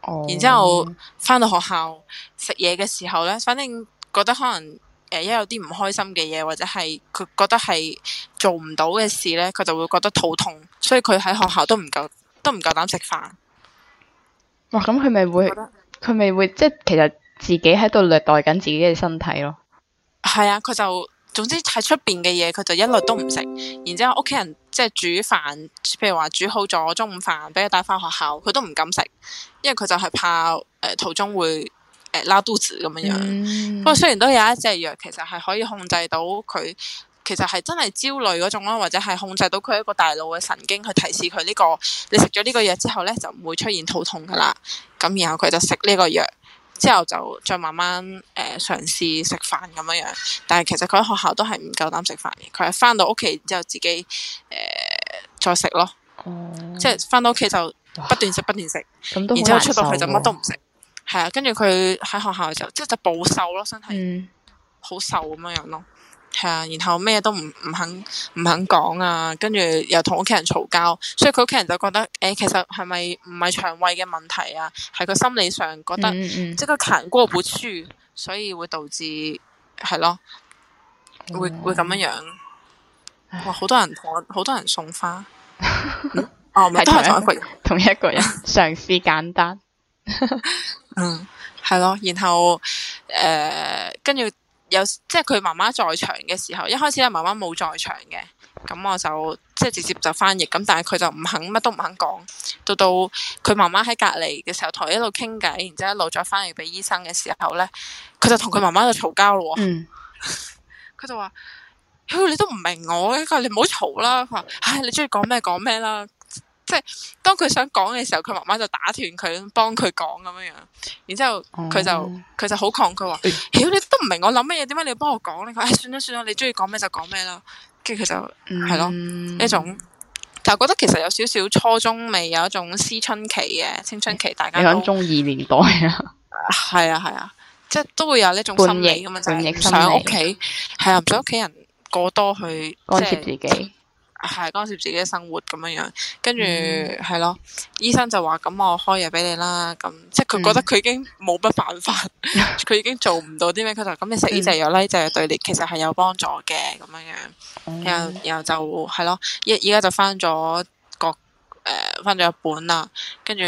Speaker 1: 哦、然之後
Speaker 2: 返到學校食嘢嘅時候呢，反正覺得可能。誒，一有啲唔開心嘅嘢，或者係佢覺得係做唔到嘅事呢，佢就會覺得肚痛，所以佢喺學校都唔夠，都唔夠膽食飯。
Speaker 1: 哇！咁佢咪會，佢咪會即係其實自己喺度虐待緊自己嘅身體咯。
Speaker 2: 係啊，佢就總之喺出邊嘅嘢，佢就一律都唔食。然之後屋企人即係煮飯，譬如話煮好咗中午飯，俾佢帶翻學校，佢都唔敢食，因為佢就係怕誒、呃、途中會。誒，拉肚子咁樣樣，不過雖然都有一隻藥，其實係可以控制到佢，其實係真係焦慮嗰種咯，或者係控制到佢一個大腦嘅神經去提示佢呢個，你食咗呢個藥之後咧，就唔會出現肚痛噶啦，咁然後佢就食呢個藥，之後就再慢慢誒嘗試食飯咁樣樣，但係其實佢喺學校都係唔夠膽食飯嘅，佢係翻到屋企之後自己誒、呃、再食咯，嗯、即係翻到屋企就不斷食不斷食，然之後出到去就乜都唔食。嗯嗯.係啊，跟住佢喺學校就即係就暴瘦咯，身體好瘦咁樣樣咯。係、嗯、啊，然後咩都唔唔肯唔肯講啊，跟住又同屋企人嘈交，所以佢屋企人就覺得誒、欸，其實係咪唔係腸胃嘅問題啊？係佢心理上覺得、嗯嗯、即係佢啃過本書，所以會導致係咯、啊，會會咁樣樣。
Speaker 1: 哇，好多人
Speaker 2: 同我，好多人送花。 (laughs) 嗯、哦，
Speaker 1: 唔係 (laughs) 是同，同一個人， (laughs) 同一個人嘗試 (laughs) 簡單。 (laughs) 嗯，係咯，
Speaker 2: 然後誒，跟、呃、住有即係佢媽媽在場嘅時候，一開始阿媽媽冇在場嘅，咁我就即係直接就翻譯，咁但係佢就唔肯乜都唔肯講，到到佢媽媽喺隔籬嘅時候，同佢一路傾偈，然之後一路再翻譯俾醫生嘅時候咧，佢就同佢媽媽就嘈交咯，
Speaker 1: 嗯，佢
Speaker 2: (laughs) 就話，你都唔明我，佢話你唔好嘈啦，佢話，唉，你中意講咩講咩啦。即係當佢想講嘅時候，佢媽媽就打斷佢，幫佢講咁樣樣。然之後佢就佢、嗯、就好抗拒話，屌、哎哎、你都唔明我諗乜嘢，點解你要幫我講咧？佢、哎、唉，算啦算啦，你中意講咩就講咩啦。跟住佢就
Speaker 1: 係、嗯、咯呢種，
Speaker 2: 但係覺得其實有少少初中未有一種思春期嘅青春期，大家都
Speaker 1: 中二年代啊，
Speaker 2: 啊，係啊係啊，即係都會有呢種心理咁啊，就唔想屋企，係啊唔想屋企人過多去即干涉自己。係、啊、干涉自己嘅生活咁樣樣，跟住係咯，醫生就話咁我開藥俾你啦，咁即係佢覺得佢已經冇乜辦法，佢、嗯、 (laughs) 已經做唔到啲咩，佢就咁你食呢隻藥咧，就係、嗯呢隻藥、對你其實係有幫助嘅咁樣樣、嗯，然後、呃、然後就係咯，依依家就翻咗國誒翻咗日本啦，跟住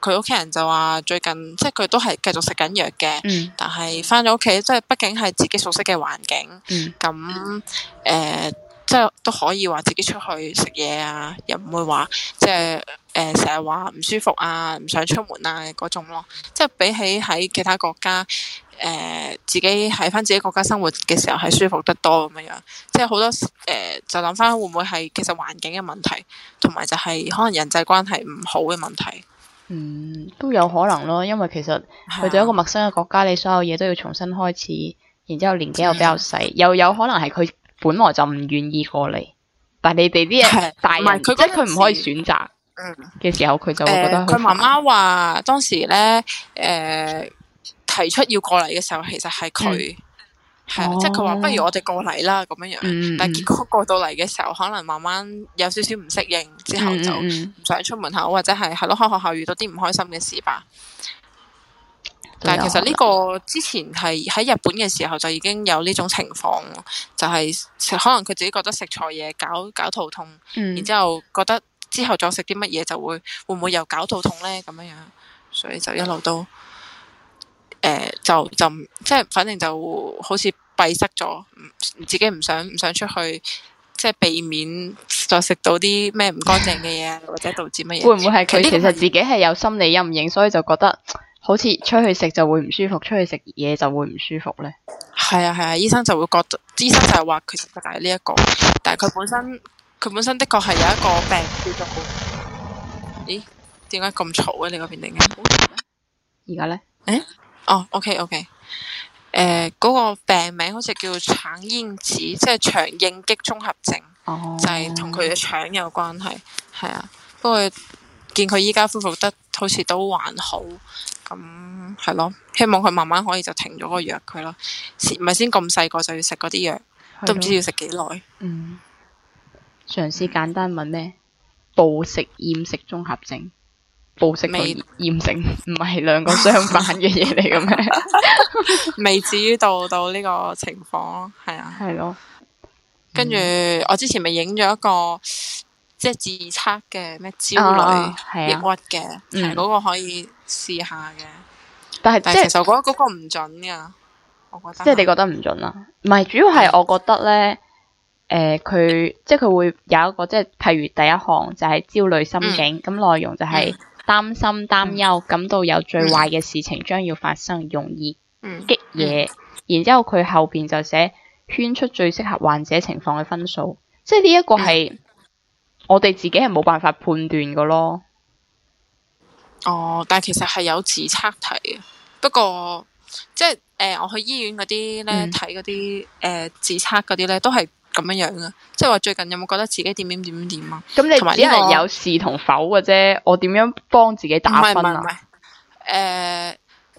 Speaker 2: 佢屋企人就話最近即係佢都係繼續食緊藥嘅，嗯、但係翻咗屋企即係畢竟係自己熟悉嘅環境，咁誒。即係都可以話自己出去食嘢啊，又唔會話即係誒成日話唔舒服啊，唔想出門啊嗰種咯。即係比起喺其他國家誒、呃、自己喺翻自己國家生活嘅時候係舒服得多咁樣樣。即係好多誒、呃、就諗翻會唔會係其實環境嘅問題，同埋就係可能人際關係唔好嘅問題。嗯，
Speaker 1: 都有可能咯，因為其實去到一個陌生嘅國家，的你所有嘢都要重新開始，然之後年紀又比較細，的又有可能係佢。本來就唔願意過嚟，但你哋啲嘢，大但係佢覺得佢唔可以選擇嘅時候，佢就會覺得佢媽媽
Speaker 2: 話當時呢，誒、呃、提出要過嚟嘅時候，其實係佢係即係佢話不如我哋過嚟啦咁樣樣，嗯、但結果過到嚟嘅時候，可能慢慢有少少唔適應，之後、嗯、就唔想出門口，或者係係咯喺學校遇到啲唔開心嘅事吧。但係其實呢個之前係喺日本嘅時候就已經有呢種情況，就係、食、可能佢自己覺得食錯嘢搞搞肚痛，嗯、然之後覺得之後再食啲乜嘢就會會唔會又搞肚痛呢？咁樣樣，所以就一路都誒、嗯呃、就就即係，就是，反正就好似閉塞咗，自己唔想唔想出去，即、就、係、是、避免再食到啲咩唔乾淨嘅嘢， (laughs) 或者導致乜嘢？會唔會係佢其實自
Speaker 1: 己係有心理陰影，所以就覺得？好似出去食就會唔舒服，出去食嘢就會唔舒服呢？
Speaker 2: 係啊係啊，醫生就會覺得，醫生就係話佢實就係呢一個，但係佢本身佢本身的確係有一個病叫做咦，點解咁嘈嘅？你嗰邊定？而家呢？誒？哦、欸 oh,，ok ok，誒，嗰個病名好似叫腸炎子，即係腸應激綜合症，oh, 就係同佢嘅腸有關係。係 okay. 啊，不過見佢依家恢復得好似都還好。咁係咯，希望佢慢慢可以就停咗個藥佢咯，唔係先咁細個就要食嗰啲藥，的都唔知要食幾耐。
Speaker 1: 嗯，嘗試簡單問咩？暴食厭食綜合症，暴食同厭食唔係兩個相反嘅嘢嚟嘅咩？
Speaker 2: 未 (laughs) 至於到到呢個情況咯，係啊，係咯。跟住我之前咪影咗一個即係自測嘅咩焦慮、啊、抑鬱嘅，嗯，嗰、嗰個可以。試下
Speaker 1: 嘅，但係即係其實我覺得嗰
Speaker 2: 個嗰個唔準噶，
Speaker 1: 我覺得即係你覺得唔準啦、啊，唔係主要係我覺得咧，誒佢即係佢會有一個即係譬如第一項就係焦慮心境，咁內、嗯、容就係擔心擔憂、擔憂、嗯，感到有最壞嘅事情將要發生，容易激嘢，嗯嗯、然之後佢後邊就寫圈出最適合患者情況嘅分數，即係呢一個係我哋自己係冇辦法判斷噶咯。
Speaker 2: 哦，但係其實係有自測題嘅，不過即係誒、呃，我去醫院嗰啲咧睇嗰啲誒自測嗰啲咧，都係咁樣樣嘅，即係話最近有冇覺得自己點點點點啊？咁你只係有
Speaker 1: 是同否嘅啫，我點樣幫自己打分啊？誒、
Speaker 2: 呃，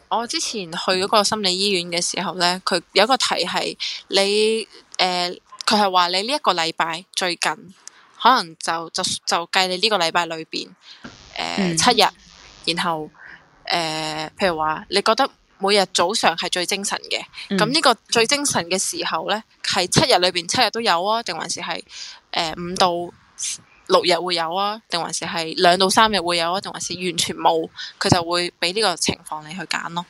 Speaker 2: 我之前去嗰個心理醫院嘅時候咧，佢有一個題係你誒，佢係話你呢一個禮拜最近可能就就就計你呢個禮拜裏邊誒七日。呃嗯然後誒、呃，譬如話你覺得每日早上係最精神嘅，咁呢、嗯、個最精神嘅時候呢，係七日裏邊七日都有啊，定還是係誒、呃、五到六日會有啊，定還是係兩到三日會有啊，定還是，是完全冇？佢就會俾呢個情況你去揀咯。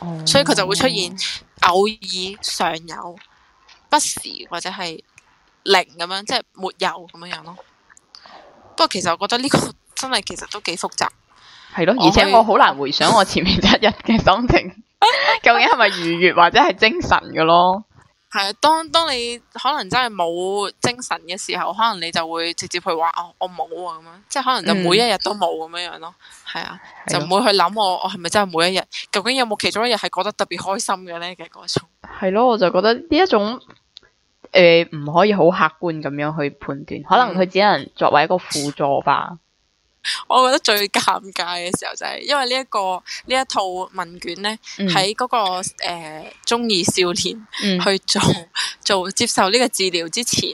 Speaker 2: 哦、所以佢就會出現偶爾、常有、不時或者係零咁樣，即係沒有咁樣樣咯。不過其實我覺得呢個真係其實
Speaker 1: 都幾複雜。係咯，而且我好難回想我前面一日嘅心情， (laughs) (laughs) 究竟係咪愉悅或者係精神嘅咯？係啊，當當你可能真係冇
Speaker 2: 精神嘅時候，可能你就會直接去話哦，我冇啊咁樣，即係可能就每一日都冇咁樣樣咯。係啊、嗯，就唔會去諗我我係咪真係每一日？究竟有冇其中一日係覺得特別開心嘅咧？嘅嗰種
Speaker 1: 係咯，我就覺得呢一種誒、呃、唔可以好客觀咁樣去判斷，可能佢只能作爲一個輔助吧。嗯 (laughs)
Speaker 2: 我覺得最尷尬嘅時候就係，因為呢、這、一個呢一套問卷咧，喺嗰、嗯那個誒、呃、中二少年去做做接受呢個治療之前，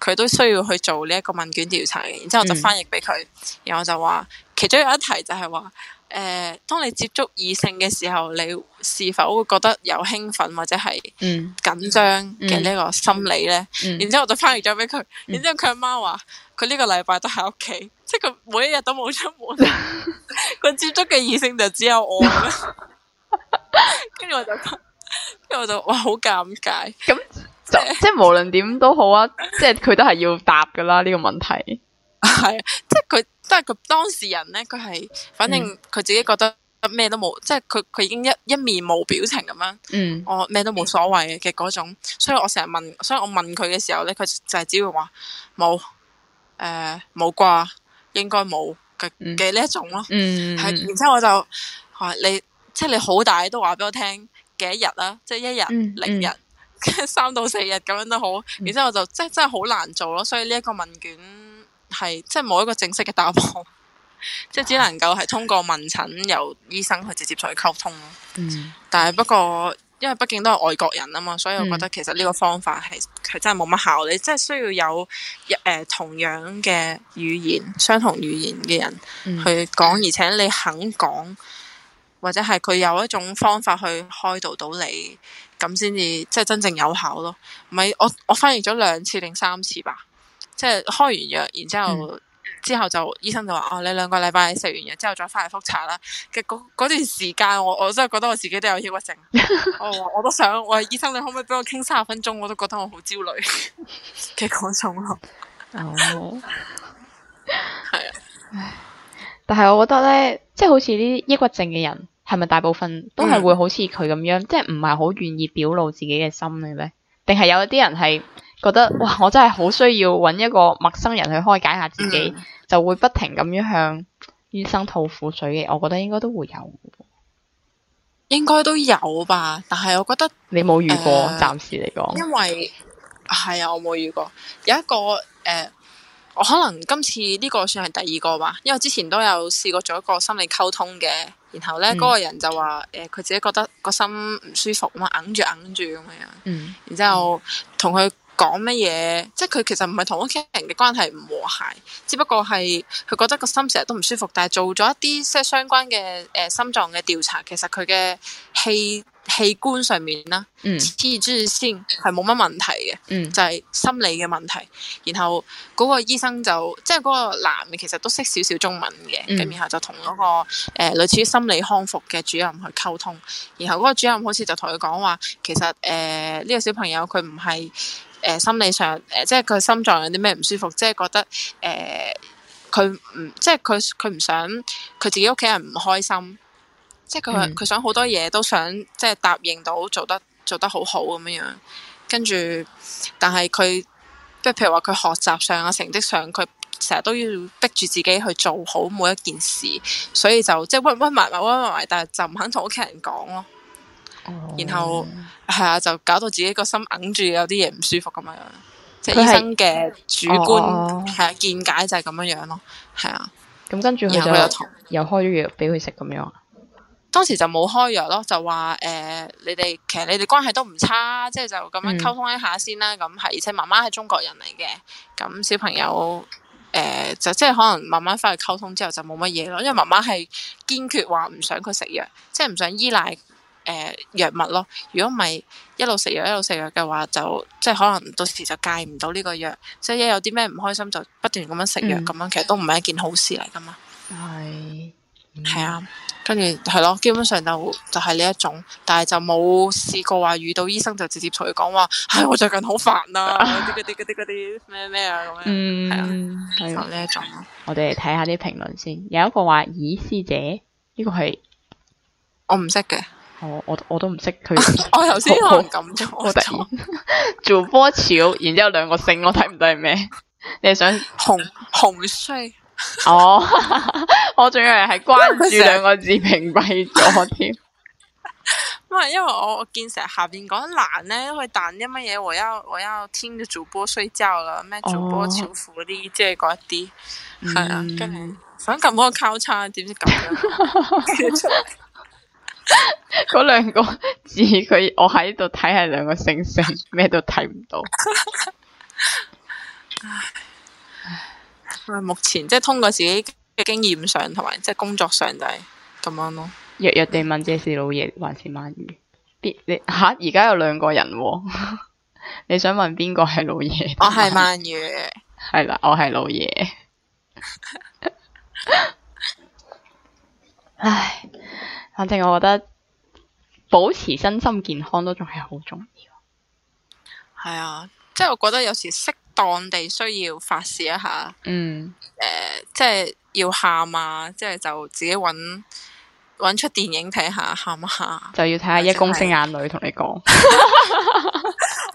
Speaker 2: 佢都需要去做呢一個問卷調查嘅，然之後我就翻譯俾佢，然後就話、嗯、其中有一題就係話。誒、呃，當你接觸異性嘅時候，你是否會覺得有興奮或者係緊張嘅呢個心理咧？Mm hmm. mm hmm. 然之後我就翻譯咗俾佢，然之後佢阿媽話佢呢個禮拜都喺屋企，即係佢每一日都冇出門，佢接觸嘅異性就只有我。
Speaker 1: 跟住我就跟住
Speaker 2: 我就哇，好尷尬。
Speaker 1: 咁即係無論點都好啊，即係佢都係要答噶啦呢個問題。
Speaker 2: 係，即係佢。即係佢當事人咧，佢係反正佢自己覺得咩都冇，嗯、即係佢佢已經一一面無表情咁樣，嗯、我咩都冇所謂嘅嗰種。所以我成日問，所以我問佢嘅時候咧，佢就係只會話冇，誒冇啩，應該冇嘅嘅呢一種咯。係、嗯嗯嗯，然之後我就，啊、你即係你好大都話俾我聽幾日啦，即係一日、零日、嗯嗯、三到四日咁樣都好。然之後我就，然之後我就即係真係好難做咯，所以呢一個問卷。係，即係冇一個正式嘅答案，即係只能夠係通過問診，由醫生去直接同佢溝通咯。嗯、但係不過，因為畢竟都係外國人啊嘛，所以我覺得其實呢個方法係係、嗯、真係冇乜效，你真係需要有誒、呃、同樣嘅語言、相同語言嘅人去講，嗯、而且你肯講，或者係佢有一種方法去開導到你，咁先至即係真正有效咯。唔係我我翻譯咗兩次定三次吧。即係開完藥，然之後之後就 (noise) 醫生就話：哦，你兩個禮拜食完藥之後再翻嚟複查啦。嘅嗰嗰段時間我，我我真係覺得我自己都有抑鬱症。我話、 (laughs) 哦、我都想，我話醫生你可唔可以俾我傾三十分鐘？我都覺得我好焦慮嘅
Speaker 1: 嗰種咯。哦，係啊。唉，但係我覺得咧，即係好似啲抑鬱症嘅人，係咪大部分都係會好似佢咁樣，即係唔係好願意表露自己嘅心嘅咧？定係有一啲人係？覺得哇，我真係好需要揾一個陌生人去開解下自己，嗯、就會不停咁樣向醫生吐苦水嘅。我覺得應該都會有，
Speaker 2: 應該都有吧。
Speaker 1: 但係我覺得你冇遇過，暫、呃、時嚟講。因
Speaker 2: 為係啊，我冇遇過。有一個誒、呃，我可能今次呢個算係第二個吧，因為之前都有試過做一個心理溝通嘅，然後呢，嗰、嗯、個人就話誒，佢、呃、自己覺得個心唔舒服啊嘛、呃，硬住硬住咁樣。嗯，然之後同佢。講乜嘢？即係佢其實唔係同屋企人嘅關係唔和諧，只不過係佢覺得個心成日都唔舒服。但係做咗一啲即係相關嘅誒、呃、心臟嘅調查，其實佢嘅器器官上面啦，嗯，器質性係冇乜問題嘅，嗯，就係心理嘅問題。然後嗰個醫生就即係嗰個男嘅，其實都識少少中文嘅，咁、嗯、然後就同嗰、嗰個誒、呃、類似於心理康復嘅主任去溝通。然後嗰個主任好似就同佢講話，其實誒呢、呃呢個小朋友佢唔係。誒心理上誒，即係佢心臟有啲咩唔舒服，即係覺得誒佢唔，即係佢佢唔想佢自己屋企人唔開心，即係佢佢想好多嘢都想即係答應到，做得做得好好咁樣樣，跟住但係佢即係譬如話佢學習上啊，成績上，佢成日都要逼住自己去做好每一件事，所以就即係鬱鬱埋埋鬱埋埋，但係就唔肯同屋企人講咯。然後係啊、哦，就搞到自己個心揞住，有啲嘢唔舒服咁樣。即係是醫生嘅主觀係、哦、見解就係咁樣樣咯。係啊，
Speaker 1: 咁跟住佢就有又開咗藥俾佢食咁樣。
Speaker 2: 當時就冇開藥咯，就話誒、呃，你哋其實你哋關係都唔差，即係就咁樣溝通一下先啦。咁係、嗯，而且媽媽係中國人嚟嘅，咁小朋友誒、呃、就即係可能慢慢翻去溝通之後就冇乜嘢咯。因為媽媽係堅決話唔想佢食藥，即係唔想依賴。誒、呃、藥物咯，如果唔係一路食藥一路食藥嘅話，就即係可能到時就戒唔到呢個藥。即係一有啲咩唔開心，就不斷咁樣食藥咁、嗯、樣，其實都唔係一件好事嚟噶嘛。係係、嗯、啊，跟住係咯，基本上就就係呢一種，但係就冇試過話遇到醫生就直接同佢講話，唉、哎，我最近好煩啊，嗰啲嗰啲嗰啲咩咩
Speaker 1: 啊咁樣。啊、嗯，係啊，呢一種、啊、我哋嚟睇下啲評論先，有一個話，以師姐呢個係我唔識嘅。我我都 (laughs) 我都唔識佢，我頭先我咁錯做波潮，然之後兩個姓我睇唔到係咩？你係想紅 (laughs) (laughs) 紅衰？哦紅， (laughs) oh, (laughs) 我仲以為係關注兩個字屏蔽咗添。
Speaker 2: 唔係，因為我，我見成日下邊講得難咧，佢彈啲乜嘢？我要我要聽着主播睡覺啦，咩主播潮福利，即係嗰啲。係、um, 啊，跟住想咁多交叉，點知咁？ (laughs) (laughs) 嗰兩 (laughs) 個
Speaker 1: 字，佢我喺度睇係兩個星星，咩都睇唔到、 (laughs) 啊。目前
Speaker 2: 即係通過自己嘅經驗上，同埋即係工作上就係咁樣咯。
Speaker 1: 弱弱地問，這是老爺還是鰻魚？別你吓，而家有兩個人、哦， (laughs) 你想問邊個係老爺？ (laughs) 我係鰻魚。係啦，我係老爺。唉。反正我覺得保持身心健康都仲係好重要。係啊，
Speaker 2: 即係我覺得有時適當地需要發泄一下。嗯。誒、呃，即係要喊啊，即係就自己搵搵出電影睇下，喊下。
Speaker 1: 就要睇下《一公升眼淚》就是，同你講。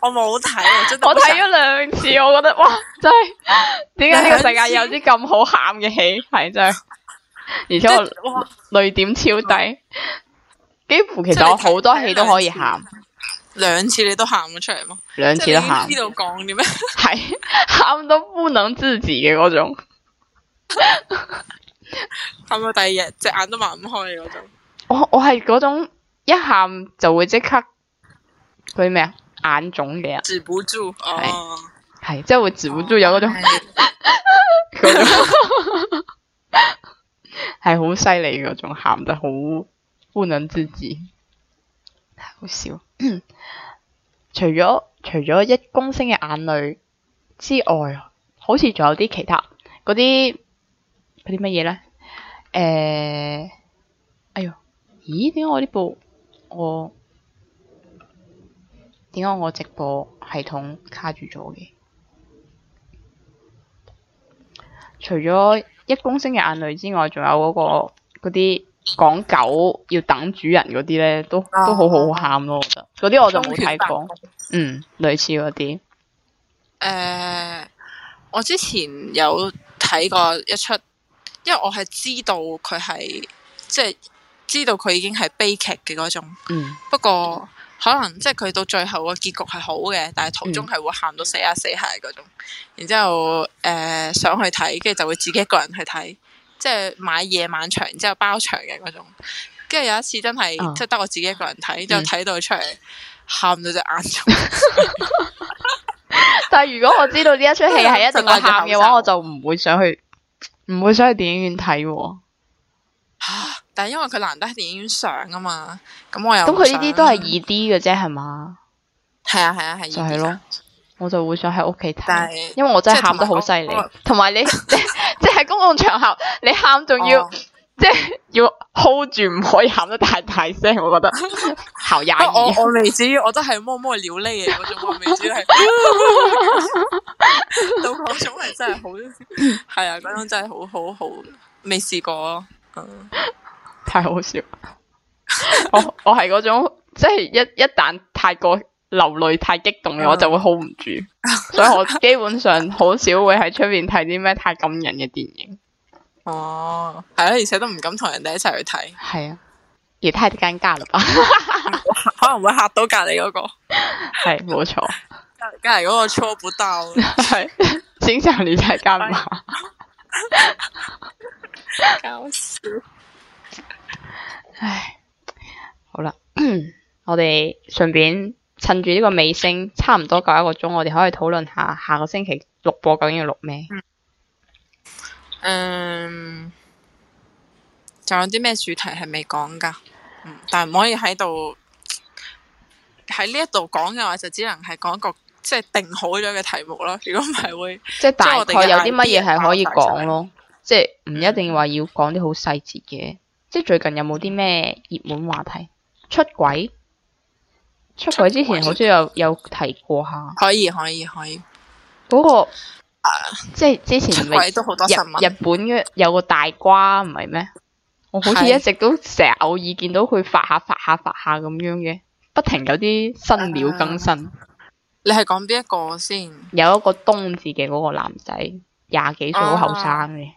Speaker 2: 我冇睇， (laughs) 我睇咗兩次，我覺得
Speaker 1: 哇，真係！點解呢個世界有啲咁好喊嘅戲係真係？ (laughs) 而且我淚點超低，是幾乎其實我好多戲都可以喊。
Speaker 2: 兩次你都喊咗出嚟嗎？兩次都喊。知道講啲咩？係，
Speaker 1: 喊到都不能自己嘅嗰種。
Speaker 2: 喊到 (laughs) 第二日隻眼都擘唔開嗰種？
Speaker 1: 我我係嗰種一喊就會即刻佢咩啊？眼腫嘅止不住，係係即係會止不住，哦、有嗰種嗰種。 (laughs) (laughs) (laughs) 係好犀利噶，仲喊 (laughs) 得好不能自已， (laughs) 好笑。 (coughs) 除咗除咗一公升嘅眼淚之外，好似仲有啲其他嗰啲嗰啲乜嘢咧？誒、呃，哎喲，咦？點解我呢部我點解我直播系統卡住咗嘅？除咗。一公升嘅眼淚之外，仲有嗰個嗰啲講狗要等主人嗰啲咧，都都好好喊咯。我覺得嗰啲我就冇睇過，嗯，類似嗰啲。誒、
Speaker 2: 呃，我之前有睇過一出，因為我係知道佢係即係知道佢已經係悲劇嘅嗰種。嗯，不過。可能即係佢到最後個結局係好嘅，但係途中係會喊到死啊死下、啊、嗰種。嗯、然之後誒、呃、想去睇，跟住就會自己一個人去睇，即係買夜晚場，然之後包場嘅嗰種。跟住有一次真係即係得我自己一個人睇，之後睇到出
Speaker 1: 嚟，喊、嗯、到隻眼腫。但係如果我知道呢一出戲係一定會喊嘅話，我就唔會想去，唔會想去電影院睇喎、
Speaker 2: 啊。 (laughs) 但係因為佢難得喺電影院上啊嘛，
Speaker 1: 咁我又咁佢呢啲都係二 D 嘅啫係嘛？係啊係啊係二 D 咯，我就會想喺屋企睇，因為我真係喊得好犀利，同埋你即係喺公共場合你喊仲要即係要 hold 住唔可以喊得太大聲，我覺得好壓抑。我我未至
Speaker 2: 於，我都係默默流淚嘅嗰種，我
Speaker 1: 未
Speaker 2: 知係到嗰種係真係好，係啊嗰種真係好好好，未試過咯。
Speaker 1: 太好笑！ (laughs) oh, 我我係嗰種即係一一旦太過流淚太激動嘅我就會 hold 唔住， (laughs) 所以我基本上好少會喺出邊睇啲咩太感人嘅電影。哦，係咯，而
Speaker 2: 且都唔敢同人哋一齊去睇。
Speaker 1: 係啊，而太尷尬了吧？
Speaker 2: (laughs) 可能會吓到隔籬嗰個。係， (laughs) (laughs) 冇錯。 (laughs) 隔隔籬嗰個初步到。係 (laughs) ，
Speaker 1: 心想你太幹嗎？搞笑。唉，好啦， (coughs) 我哋順便趁住呢個尾聲，差唔多夠一個鐘，我哋可以討論下下個星期錄播究竟要錄咩？嗯，嗯，
Speaker 2: 仲有啲咩主題係未講噶？嗯，但唔可以喺度喺呢一度講嘅話，就只能係講個即係、就是、定好咗嘅題目咯。如果唔係
Speaker 1: 會即係大概有啲乜嘢係可以講咯，即係唔一定話要講啲好細節嘅。即係最近有冇啲咩熱門話題？出軌？出軌之前好似有有提過下可。可以可以可以。
Speaker 2: 嗰、
Speaker 1: 嗰個，uh, 即係之前日都多日本嘅有個大瓜唔係咩？我好似一直都成日偶爾見到佢發下發下發下咁樣嘅，不停有啲新料更新。Uh,
Speaker 2: 你係講邊一個先？
Speaker 1: 有一個冬字嘅嗰個男仔，廿幾歲好後生嘅。
Speaker 2: 嗰、uh, uh,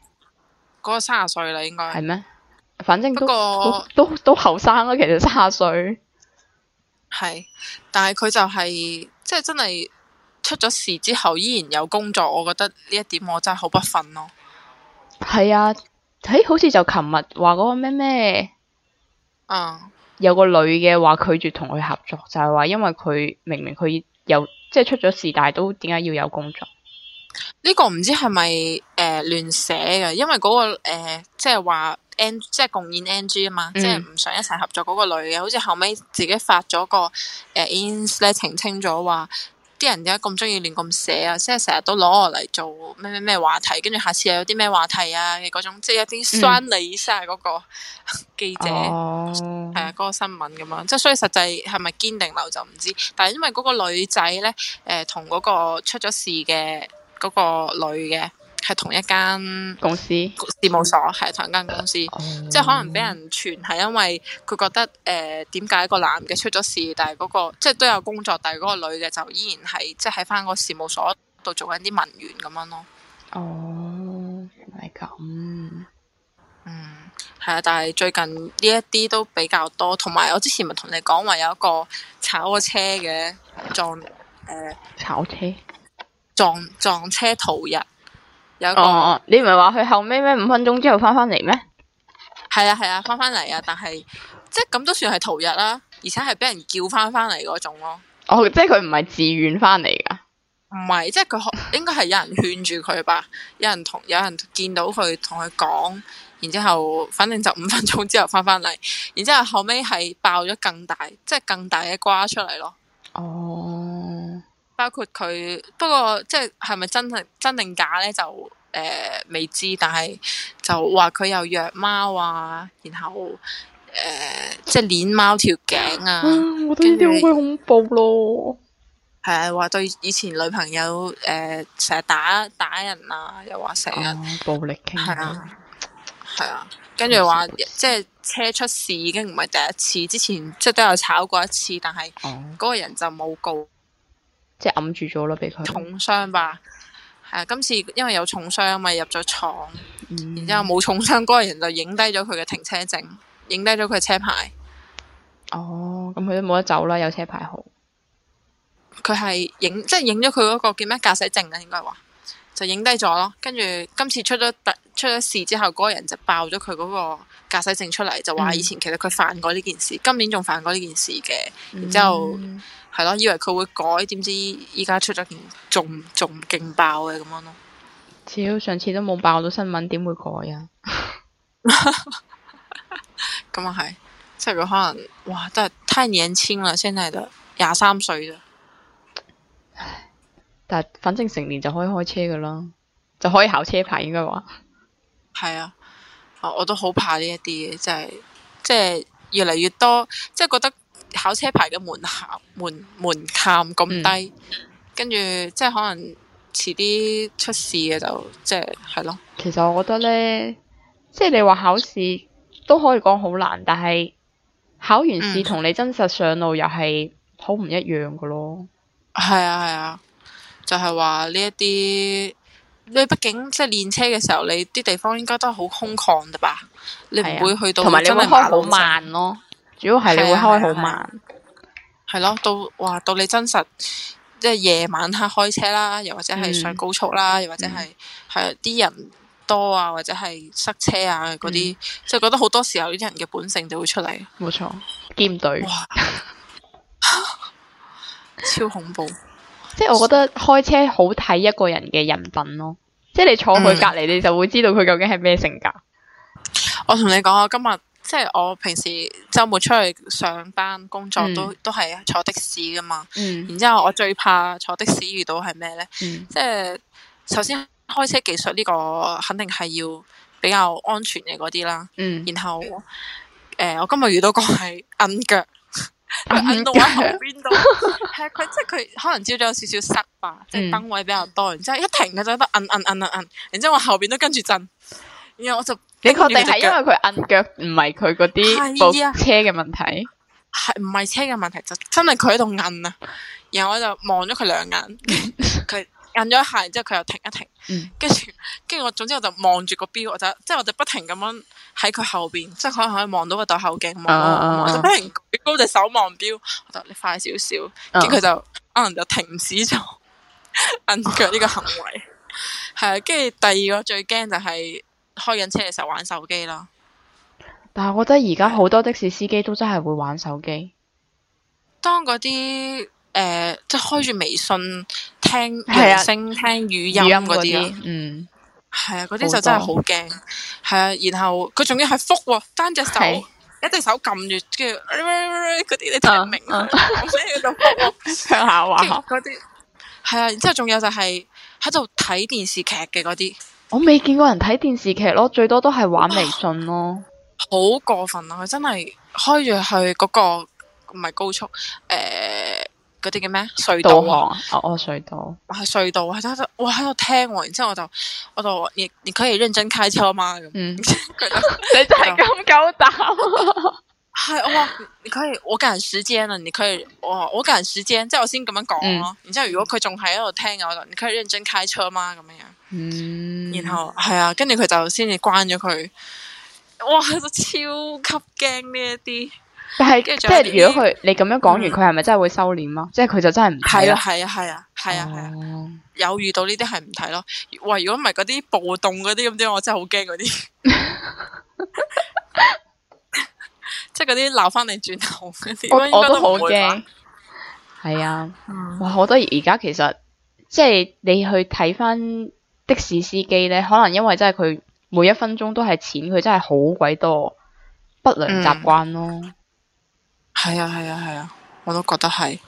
Speaker 2: 個卅歲啦，應該。係咩？
Speaker 1: 反正個都不過都後生咯，其實三十歲
Speaker 2: 係，但係佢就係、是、即係真係出咗事之後依然有工作，我覺得呢一點我真係好不忿咯。
Speaker 1: 係啊，誒、哎、好似就琴日話個咩咩啊，嗯、有個女嘅話拒絕同佢合作，就係、是、話因為佢明明佢有即係出咗事，但係都點解要有工作？
Speaker 2: 呢個唔知係咪誒亂寫嘅，因為嗰、那個誒、呃、即係話 N 即係共演 NG 啊嘛，嗯、即係唔想一齊合作嗰個女嘅，好似後尾自己發咗個誒 ins 咧澄清咗話，啲人點解咁中意亂咁寫啊，即係成日都攞我嚟做咩咩咩話題，跟住下次又有啲咩話題啊，嗰種即係有啲酸你晒嗰個記者，係、嗯、啊嗰、那個新聞咁樣，即係所以實際係咪堅定留就唔知，但係因為嗰個女仔咧誒同嗰個出咗事嘅。嗰個女嘅係同一間公司事務所，係同一間公司，公司嗯、即係可能俾人傳係因為佢覺得誒點解個男嘅出咗事，但係嗰、嗰個即係都有工作，但係嗰個女嘅就依然係即係喺翻個事務所度做緊啲文員咁樣咯。
Speaker 1: 哦，係咁，嗯，
Speaker 2: 係啊，但係最近呢一啲都比較多，同埋我之前咪同你講話有一個炒個車嘅撞誒炒車。撞撞車逃逸，有個
Speaker 1: 哦，你唔係話佢後尾咩五分鐘之後翻返嚟咩？
Speaker 2: 係啊係啊，翻返嚟啊！但係即係咁都算係逃逸啦，而且係俾人叫翻翻嚟嗰
Speaker 1: 種咯。哦，即係佢唔係自願翻嚟噶？
Speaker 2: 唔係，即係佢應該係有人勸住佢吧？有人同有人見到佢同佢講，然之後反正就五分鐘之後翻返嚟，然之後後尾係爆咗更大，即係更大嘅瓜出嚟咯。哦。包括佢，不過即係係咪真係真定假咧？就誒、呃、未知，但係就話佢又虐貓啊，然後誒、呃、即係鏈貓條頸啊、哦，我覺得呢啲好
Speaker 1: 恐怖咯。係啊，
Speaker 2: 話對以前女朋友誒成日打打人啊，又話成日
Speaker 1: 暴力傾向啊，
Speaker 2: 係啊，跟住話即係車出事已經唔係第一次，之前即係都有炒過一次，但係嗰個人就冇告。
Speaker 1: 即係掩住咗咯，俾佢重
Speaker 2: 傷吧。係啊，今次因為有重傷咪入咗廠，嗯、
Speaker 1: 然之
Speaker 2: 後冇重傷嗰、那個人就影低咗佢嘅停車證，影低咗佢嘅車牌。
Speaker 1: 哦，咁佢都冇得走啦，有車牌號。
Speaker 2: 佢係影，即係影咗佢嗰個叫咩？駕駛證啊，應該話就影低咗咯。跟住今次出咗突出咗事之後，嗰、那個人就爆咗佢嗰個駕駛證出嚟，嗯、就話以前其實佢犯過呢件事，今年仲犯過呢件事嘅，然之後、嗯。係咯， (noise) 以為佢會改，點知依家出咗件仲仲勁爆嘅咁樣咯。
Speaker 1: 至少上次都冇爆到新聞，點會改啊？
Speaker 2: 咁啊係，即係佢可能，哇，真係太年輕啦！先係就廿三歲咋？
Speaker 1: 但係反正成年就可以開車噶啦，就可以考車牌應該話。
Speaker 2: 係 (laughs) 啊，我都好怕呢一啲嘢，即係即係越嚟越多，即係覺得。考車牌嘅門檻門門檻咁低，跟住，即係可能遲啲出事嘅就即係係咯。就
Speaker 1: 是，其實我覺得呢，即係你話考試都可以講好難，但係考完試同，嗯、你真實上路又係好唔一樣嘅咯。係啊係啊，就係話呢一啲，
Speaker 2: 你畢竟即係練車嘅時候，你啲地方應該都係好空曠嘅吧？你唔會去到同埋，啊、你會開好慢
Speaker 1: 咯。主要係你會開好慢，
Speaker 2: 係咯，到哇，到你真實即係夜晚黑開車啦，又或者係上高速啦，嗯、又或者係係啲人多啊，或者係塞車啊嗰啲，嗯、即係覺得好多時候啲人嘅本性就會出嚟。
Speaker 1: 冇錯，兼隊，哇 (laughs) 超恐怖。即係我覺得開車好睇一個人嘅人品咯，即係你坐佢隔籬，你就會知道佢究竟係咩性格。嗯、我同
Speaker 2: 你講，我今日。即係我平時周末出去上班工作都、嗯、都係坐的士噶嘛，嗯、然之後我最怕坐的士遇到係咩呢？嗯、即係首先開車技術呢個肯定係要比較安全嘅嗰啲啦，嗯、然後誒、呃、我今日遇到個係摁腳，摁腳到話後邊都係佢，嗯、 (laughs) 佢即係佢可能朝早有少少塞吧，即係燈位比較多，然之後一停佢就喺度摁摁摁摁摁，然之後我後邊都跟住震。然後我就，你確定係因為佢
Speaker 1: 摁腳，唔係佢嗰啲部車嘅問題係唔係車嘅問題？就真係佢喺度摁啊。然後我就望咗佢兩眼，
Speaker 2: 佢摁咗一下，然之後佢又停一停，跟住跟住我總之我就望住個表，我就即係我就不停咁樣喺佢後邊，即係可能可以望到個倒後鏡望、那個啊啊、不停舉高隻手望表，我就，你快少少，跟住佢就、啊、可能就停止咗摁腳呢個行為係啊。跟住第二個最驚就係、是。開緊車嘅時候玩手機咯，
Speaker 1: 但係我覺得而家好多的士司機都真係會玩手機。
Speaker 2: 當嗰啲誒，即係開住微信聽鈴聲、聽語音嗰啲，
Speaker 1: 嗯，
Speaker 2: 係啊，嗰啲就真係好驚。係啊，然後佢仲要係複，單隻手，一隻手撳住，跟住嗰啲你聽唔明啊？講咩喺度複啊？上下滑。嗰啲係啊，然之後仲有就係喺度睇電視劇嘅嗰啲。
Speaker 1: 我未見過人睇電視劇咯，最多都係玩微信咯。
Speaker 2: 好過分啊！佢真係開住去嗰、嗰個唔係高速誒嗰啲叫咩隧道啊？
Speaker 1: 哦隧道，
Speaker 2: 係、啊、隧道，係真係哇！喺度聽，然之後我就我就你你可以認真開車嗎？咁 (laughs) 嗯，你真係咁夠膽。係哇，你可以我趕時間啊。你可以我我趕時間，即係我先咁樣講咯。然後、嗯、如果佢仲喺度聽啊，我你可以認真開車嗎？咁樣，嗯，然後係啊，跟住佢就先至關咗佢。哇，真超級驚呢一啲。
Speaker 1: 但係是即係如果佢你咁樣講完，佢係咪真係會收斂咯？即係佢就真係唔睇咯，係啊，係啊，係啊，係啊，啊
Speaker 2: 啊哦、有遇到呢啲係唔睇咯。喂，如果唔係嗰啲暴動嗰啲咁啲，我真係好驚嗰啲。 (laughs) (laughs) 即係嗰啲鬧翻你轉頭嗰啲我，我都好驚。
Speaker 1: 係啊，我好多而家其實即係你去睇翻的士司機咧，可能因為真係佢每一分鐘都係錢，佢真係好鬼多，不良習慣咯。係、嗯、啊，係啊，係啊，啊，我都覺得
Speaker 2: 係。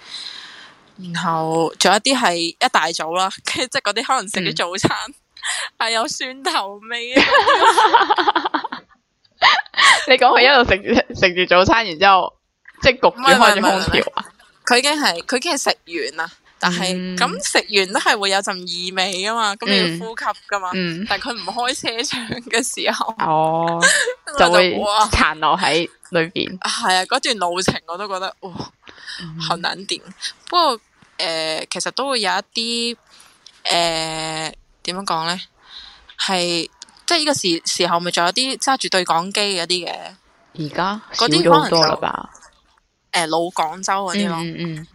Speaker 2: 然後仲有一啲係一大早啦，即係嗰啲可能食啲早餐，係、嗯、 (laughs) 有蒜頭味。 (laughs) (laughs)
Speaker 1: 你講佢一路食住食住早餐，然之後即係焗住是開空調啊？
Speaker 2: 佢已經係佢已經係食完啦，但係咁食完都係會有陣異味噶嘛，咁要呼吸噶嘛，嗯嗯、但係佢唔開車窗嘅時候，
Speaker 1: 哦、 (laughs) 就會殘留喺裏邊。
Speaker 2: 係啊、 (laughs) 嗯，嗰段路程我都覺得哇好、哦嗯、難點，不過誒、呃，其實都會有一啲誒點樣講咧，係、呃。即係呢個時時候，咪仲有啲揸住對講機嗰啲嘅。而
Speaker 1: 家、就是、少咗好多啦吧？
Speaker 2: 誒、欸，老廣州嗰啲咯，係、嗯嗯、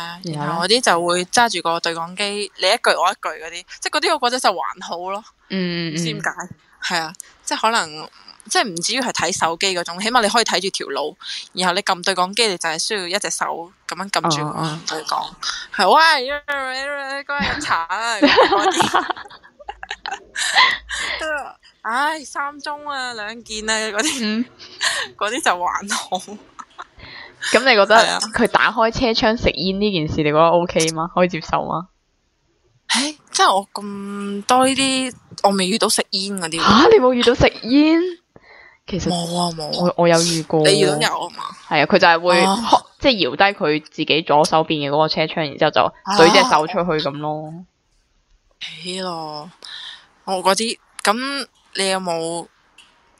Speaker 2: 啊，然後嗰啲就會揸住個對講機，你一句我一句嗰啲，即係嗰啲我覺得就還好咯。嗯，
Speaker 1: 唔知點解，
Speaker 2: 係、嗯、啊，即係可能即係唔至於係睇手機嗰種，起碼你可以睇住條路，然後你撳對講機，你就係需要一隻手咁樣撳住對講。係、嗯嗯、 (laughs) 喂，今日嚟唔嚟？過嚟飲茶啦！唉，三中啊，兩件啊，嗰啲嗰啲就還好。
Speaker 1: 咁你覺得佢打開車窗食煙呢件事，你覺得 OK 嗎？可以接受嗎？
Speaker 2: 誒，即係我咁多呢啲，我未遇到食煙嗰
Speaker 1: 啲。吓、啊，你冇遇到食煙？其實冇啊，冇、啊。我有遇過，你遇到有啊嘛？係啊、evet,，佢就係會即係搖低佢自己左手邊嘅嗰個車窗，然之後就㨃隻手出去咁咯。起咯、
Speaker 2: oh.～呀我嗰啲咁，哦、你有冇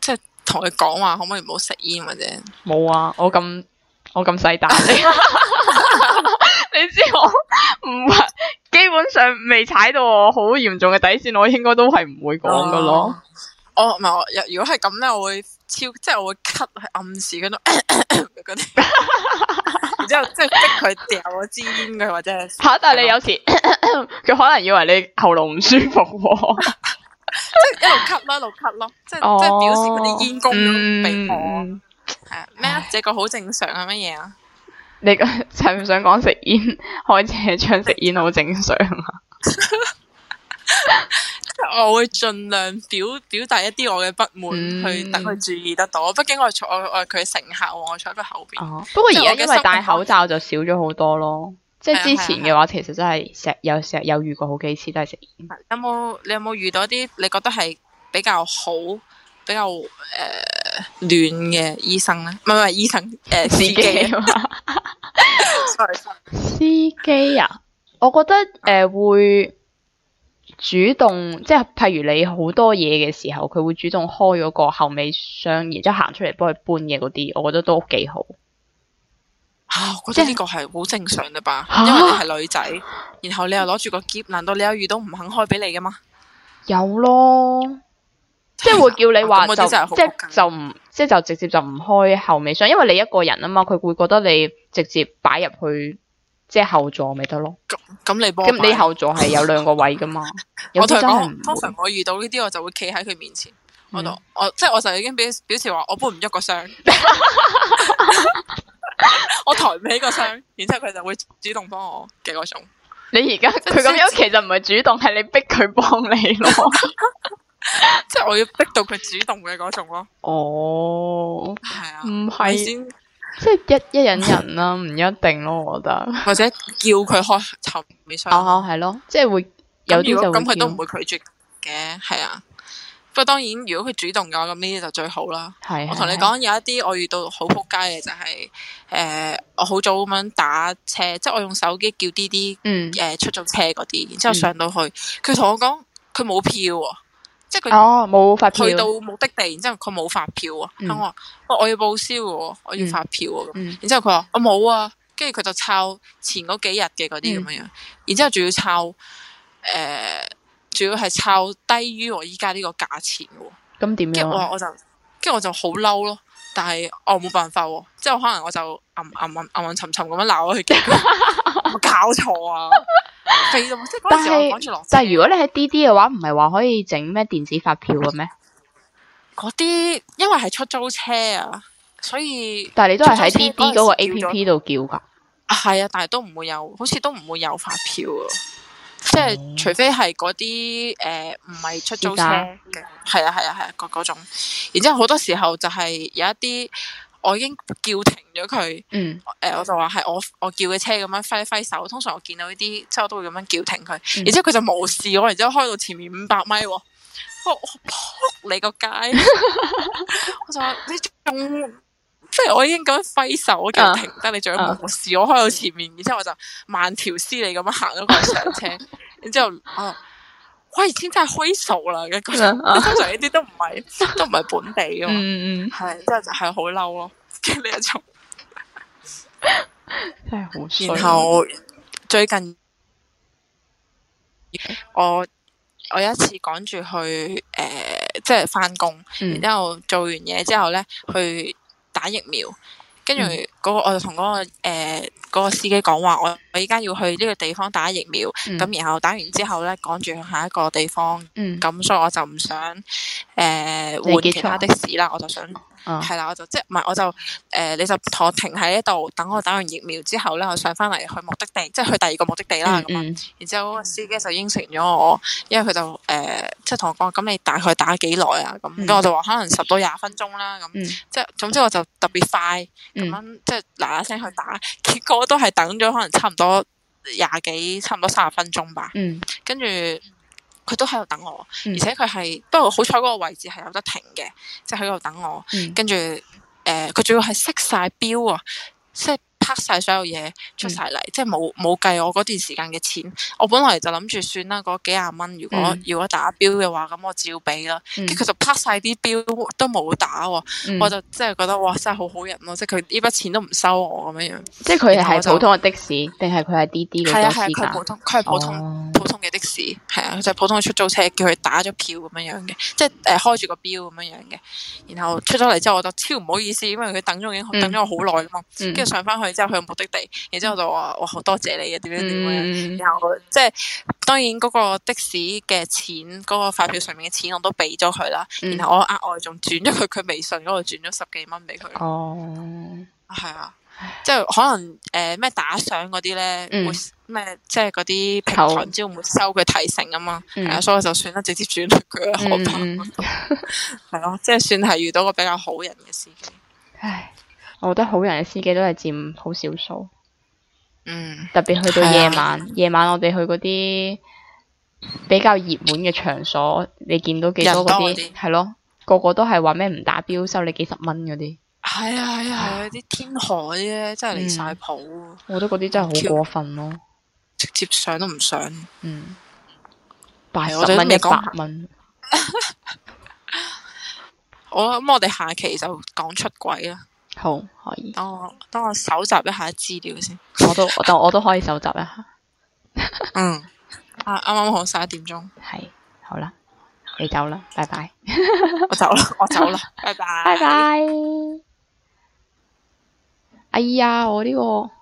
Speaker 2: 即係同佢講話可唔可以唔好食煙或者？
Speaker 1: 冇啊！我咁我咁細膽，
Speaker 2: (laughs) (laughs) 你知我唔係
Speaker 1: 基本上未踩到我好嚴重嘅底線，我應該都係唔會講噶咯。
Speaker 2: 我唔係我，如果係咁咧，我會超即係我會咳係暗示，嗰種之後即係佢掉咗支煙佢或者
Speaker 1: 吓，啊。但係你有時佢可能以為你喉嚨唔舒服、啊 (laughs) 咳咳咳咳，
Speaker 2: 即係一路咳咯，一路咳咯，
Speaker 1: 即係即係表示嗰啲煙功。被我、嗯？係
Speaker 2: 啊，咩啊？這個好正， (laughs) 正常啊，乜嘢啊？
Speaker 1: 你係咪想講食煙？開車窗食煙好正常啊。
Speaker 2: 我會盡量表表達一啲我嘅不滿、嗯，去等佢注意得到。畢竟我坐我係佢乘客，我坐喺佢後邊、啊。
Speaker 1: 不過而家因為戴口罩就少咗好多咯。嗯、即係之前嘅話，嗯嗯、其實真係成有成有，有遇過好幾次都係食煙。
Speaker 2: 有冇你有冇遇到啲你覺得係比較好比較誒、呃、
Speaker 1: 暖嘅醫
Speaker 2: 生咧？唔係唔係醫生誒、呃、司機。
Speaker 1: 司機啊，我覺得誒、呃、會。主動即係，譬如你好多嘢嘅時候，佢會主動開嗰個後尾箱，然之後行出嚟幫佢搬嘢嗰啲，我覺得都幾好。
Speaker 2: 啊，我覺得呢個係好正常嘅吧？即因為你係女仔，啊、然後你又攞住個篋，難道你有遇到唔肯開俾你嘅嗎？
Speaker 1: 有咯，就是、即係會叫你話、啊、就即係就唔即係就直接就唔開後尾箱，啊、因為你一個人啊嘛，佢會覺得你直接擺入去。即係後座咪得咯，咁咁你幫，咁你後座係有兩個位噶嘛？ (laughs) 我同你講，通常
Speaker 2: 我遇到呢啲，我就會企喺佢面前，我、嗯、我，我即係我就已經表表示話，我搬唔喐個箱， (laughs) (laughs) 我抬唔起個箱，然之後佢就會主動幫我嘅嗰種。
Speaker 1: 你而家佢咁樣其實唔係主動，係你逼佢幫你咯。
Speaker 2: (laughs) (laughs) 即係我要逼到佢主動嘅嗰種咯。
Speaker 1: 哦，係啊，唔係先。即係一一引人人啦，唔是一定咯，我覺得。或者叫佢開尋微信。哦，係咯，即係會有啲咁果，佢都唔會拒
Speaker 2: 絕嘅，係啊。不過當然，如果佢主動嘅話，咁呢啲就最好啦。係。是我同你講，有一啲我遇到好撲街嘅就係、是，誒、呃，我好早咁樣打車，即係我用手機叫滴滴、嗯，誒、呃，出咗車嗰啲，然之後上到去，佢同、嗯、我講佢冇票喎、啊。即係佢哦
Speaker 1: 冇發票，去到
Speaker 2: 目的地，然之後佢冇發票啊！咁、嗯、我，我我要報銷嘅，我要發票、嗯、啊！咁、啊，然之後佢話我冇啊，跟住佢就抄前嗰幾日嘅嗰啲咁樣樣，嗯、然之後仲要抄誒，仲、呃、要係抄低於我依家呢個價錢嘅，
Speaker 1: 咁點樣？嗯、我
Speaker 2: 就，跟住我就好嬲咯，但係我冇辦法，即係可能我就揞揞揞揞沉沉揾揾咁樣鬧佢，有
Speaker 1: 我搞錯啊？
Speaker 2: (laughs) (laughs) (laughs) (laughs) 但係，
Speaker 1: 但係如果你喺滴滴嘅話，唔係話可以整咩電子發票嘅咩？
Speaker 2: 嗰啲因為係出租車啊，所以但係你都係喺滴滴嗰個 A P P 度叫噶。係啊，但係都唔會有，好似都唔會有發票咯、啊。嗯、即係除非係嗰啲誒，唔係出租車嘅，係在啊係啊係啊嗰嗰種。然之後好多時候就係有一啲。我已經叫停咗佢，誒、嗯呃，我就話係我我叫嘅車咁樣揮揮手。通常我見到呢啲車，我都會咁樣叫停佢。然之後佢就無視我。然之後開到前面五百米，我、哦、扑、哦、你個街！ (laughs) (laughs) 我就話你仲 (laughs) 即係我已經咁樣揮手我叫停得，uh, 你仲無視我？Uh, 我開到前面，然之後我就慢條斯理咁樣行咗過去上車， (laughs) 然之後，哦、啊。喂！已經真係開數啦，經常一啲都唔係，都唔係本地嘅，係、 (laughs) 嗯，之後就係好嬲咯。跟住咧一種
Speaker 1: 真係好。 (laughs) 然後
Speaker 2: 最近我我有一次趕住去誒、呃，即係翻工，嗯、然之後做完嘢之後咧去打疫苗。跟住嗰個，、那個，我就同嗰個誒嗰個司機講話，我我依家要去呢個地方打疫苗，咁、嗯、然後打完之後咧趕住去下一個地方，咁、嗯、所以我就唔想誒、呃、換其他的士啦，我就想。係啦、oh.，我就即係唔係，我就誒、呃，你就同我停喺呢度，等我打完疫苗之後咧，我上翻嚟，去目的地，即係去第二個目的地啦。咁啊、mm hmm.，然之後個司機就應承咗我，因為佢就誒，即係同我講，咁你大概打幾耐啊？咁，咁、mm hmm. 我就話可能十到廿分鐘啦。咁，即係總之我就特別快咁樣，mm hmm. 樣，即係嗱嗱聲去打，結果都係等咗可能差唔多廿幾，差唔多三十分鐘吧。跟住、mm。Hmm. 佢都喺度等我，而且佢係、嗯、不過好彩嗰個位置係有得停嘅，即係喺度等我，嗯、跟住誒，佢、呃、仲要係熄晒表啊，拍晒所有嘢出晒嚟，嗯、即係冇冇計我嗰段時間嘅錢。我本來就諗住算啦，嗰幾廿蚊，如果、嗯、如果打表嘅話，咁我照俾啦。跟住、嗯、就拍晒啲表都冇打，嗯、我就即係覺得哇，真係好好人咯，即係佢呢筆錢都唔收我咁樣樣。
Speaker 1: 即係佢係普通嘅的，的士，定係佢係滴滴嗰啲？係啊係，佢、啊、普通，佢係、哦、普通
Speaker 2: 普通嘅的士，係啊，就係、普通嘅出租車，叫佢打咗票咁樣樣嘅，即係誒、呃、開住個表咁樣樣嘅，然後出咗嚟之後，我就超唔好意思，因為佢等咗已經等咗我好耐啊嘛，跟住、嗯、上翻去去目的地，然之後就話哇，好多謝你呀點樣點樣，然後即係當然嗰個的士嘅錢，嗰個發票上面嘅錢我都俾咗佢啦，然後我額外仲轉咗佢，佢微信嗰度轉咗十幾蚊俾佢。哦，係啊，即係可能誒咩打賞嗰啲咧，嗯，咩即係嗰啲平台唔知會唔會收佢提成啊嘛，係啊，所以我就算啦，ok uh, so、直接轉佢啦，好、so、啦，係 (laughs) 咯，即係算係遇到個比較好人嘅司機，唉 uy。
Speaker 1: Highway 我覺得好人嘅司機都係佔好少數，嗯，特別去到夜晚，啊、夜晚我哋去嗰啲比較熱門嘅場所，你見到幾多嗰啲係咯，個個都係話咩唔打表，收你幾十蚊嗰啲，
Speaker 2: 係啊係啊係啊，啲、啊啊、天河嗰啲咧真係離晒譜，我
Speaker 1: 覺得嗰啲真係好過分咯、啊，
Speaker 2: 直接上都唔上，嗯，
Speaker 1: 八十蚊一百蚊，
Speaker 2: (laughs) 我咁我哋下期就講出軌啦。好，可以。等我等我搜集一下資料先
Speaker 1: (laughs) 我都。我都，就我都可以搜集一下。 (laughs) 嗯，
Speaker 2: 啊，啱啱好十一點鐘。係，
Speaker 1: 好啦，你走啦，拜拜。 (laughs) 我走啦，我走啦，拜拜 (laughs) 拜拜。Bye bye。哎呀，我呢個～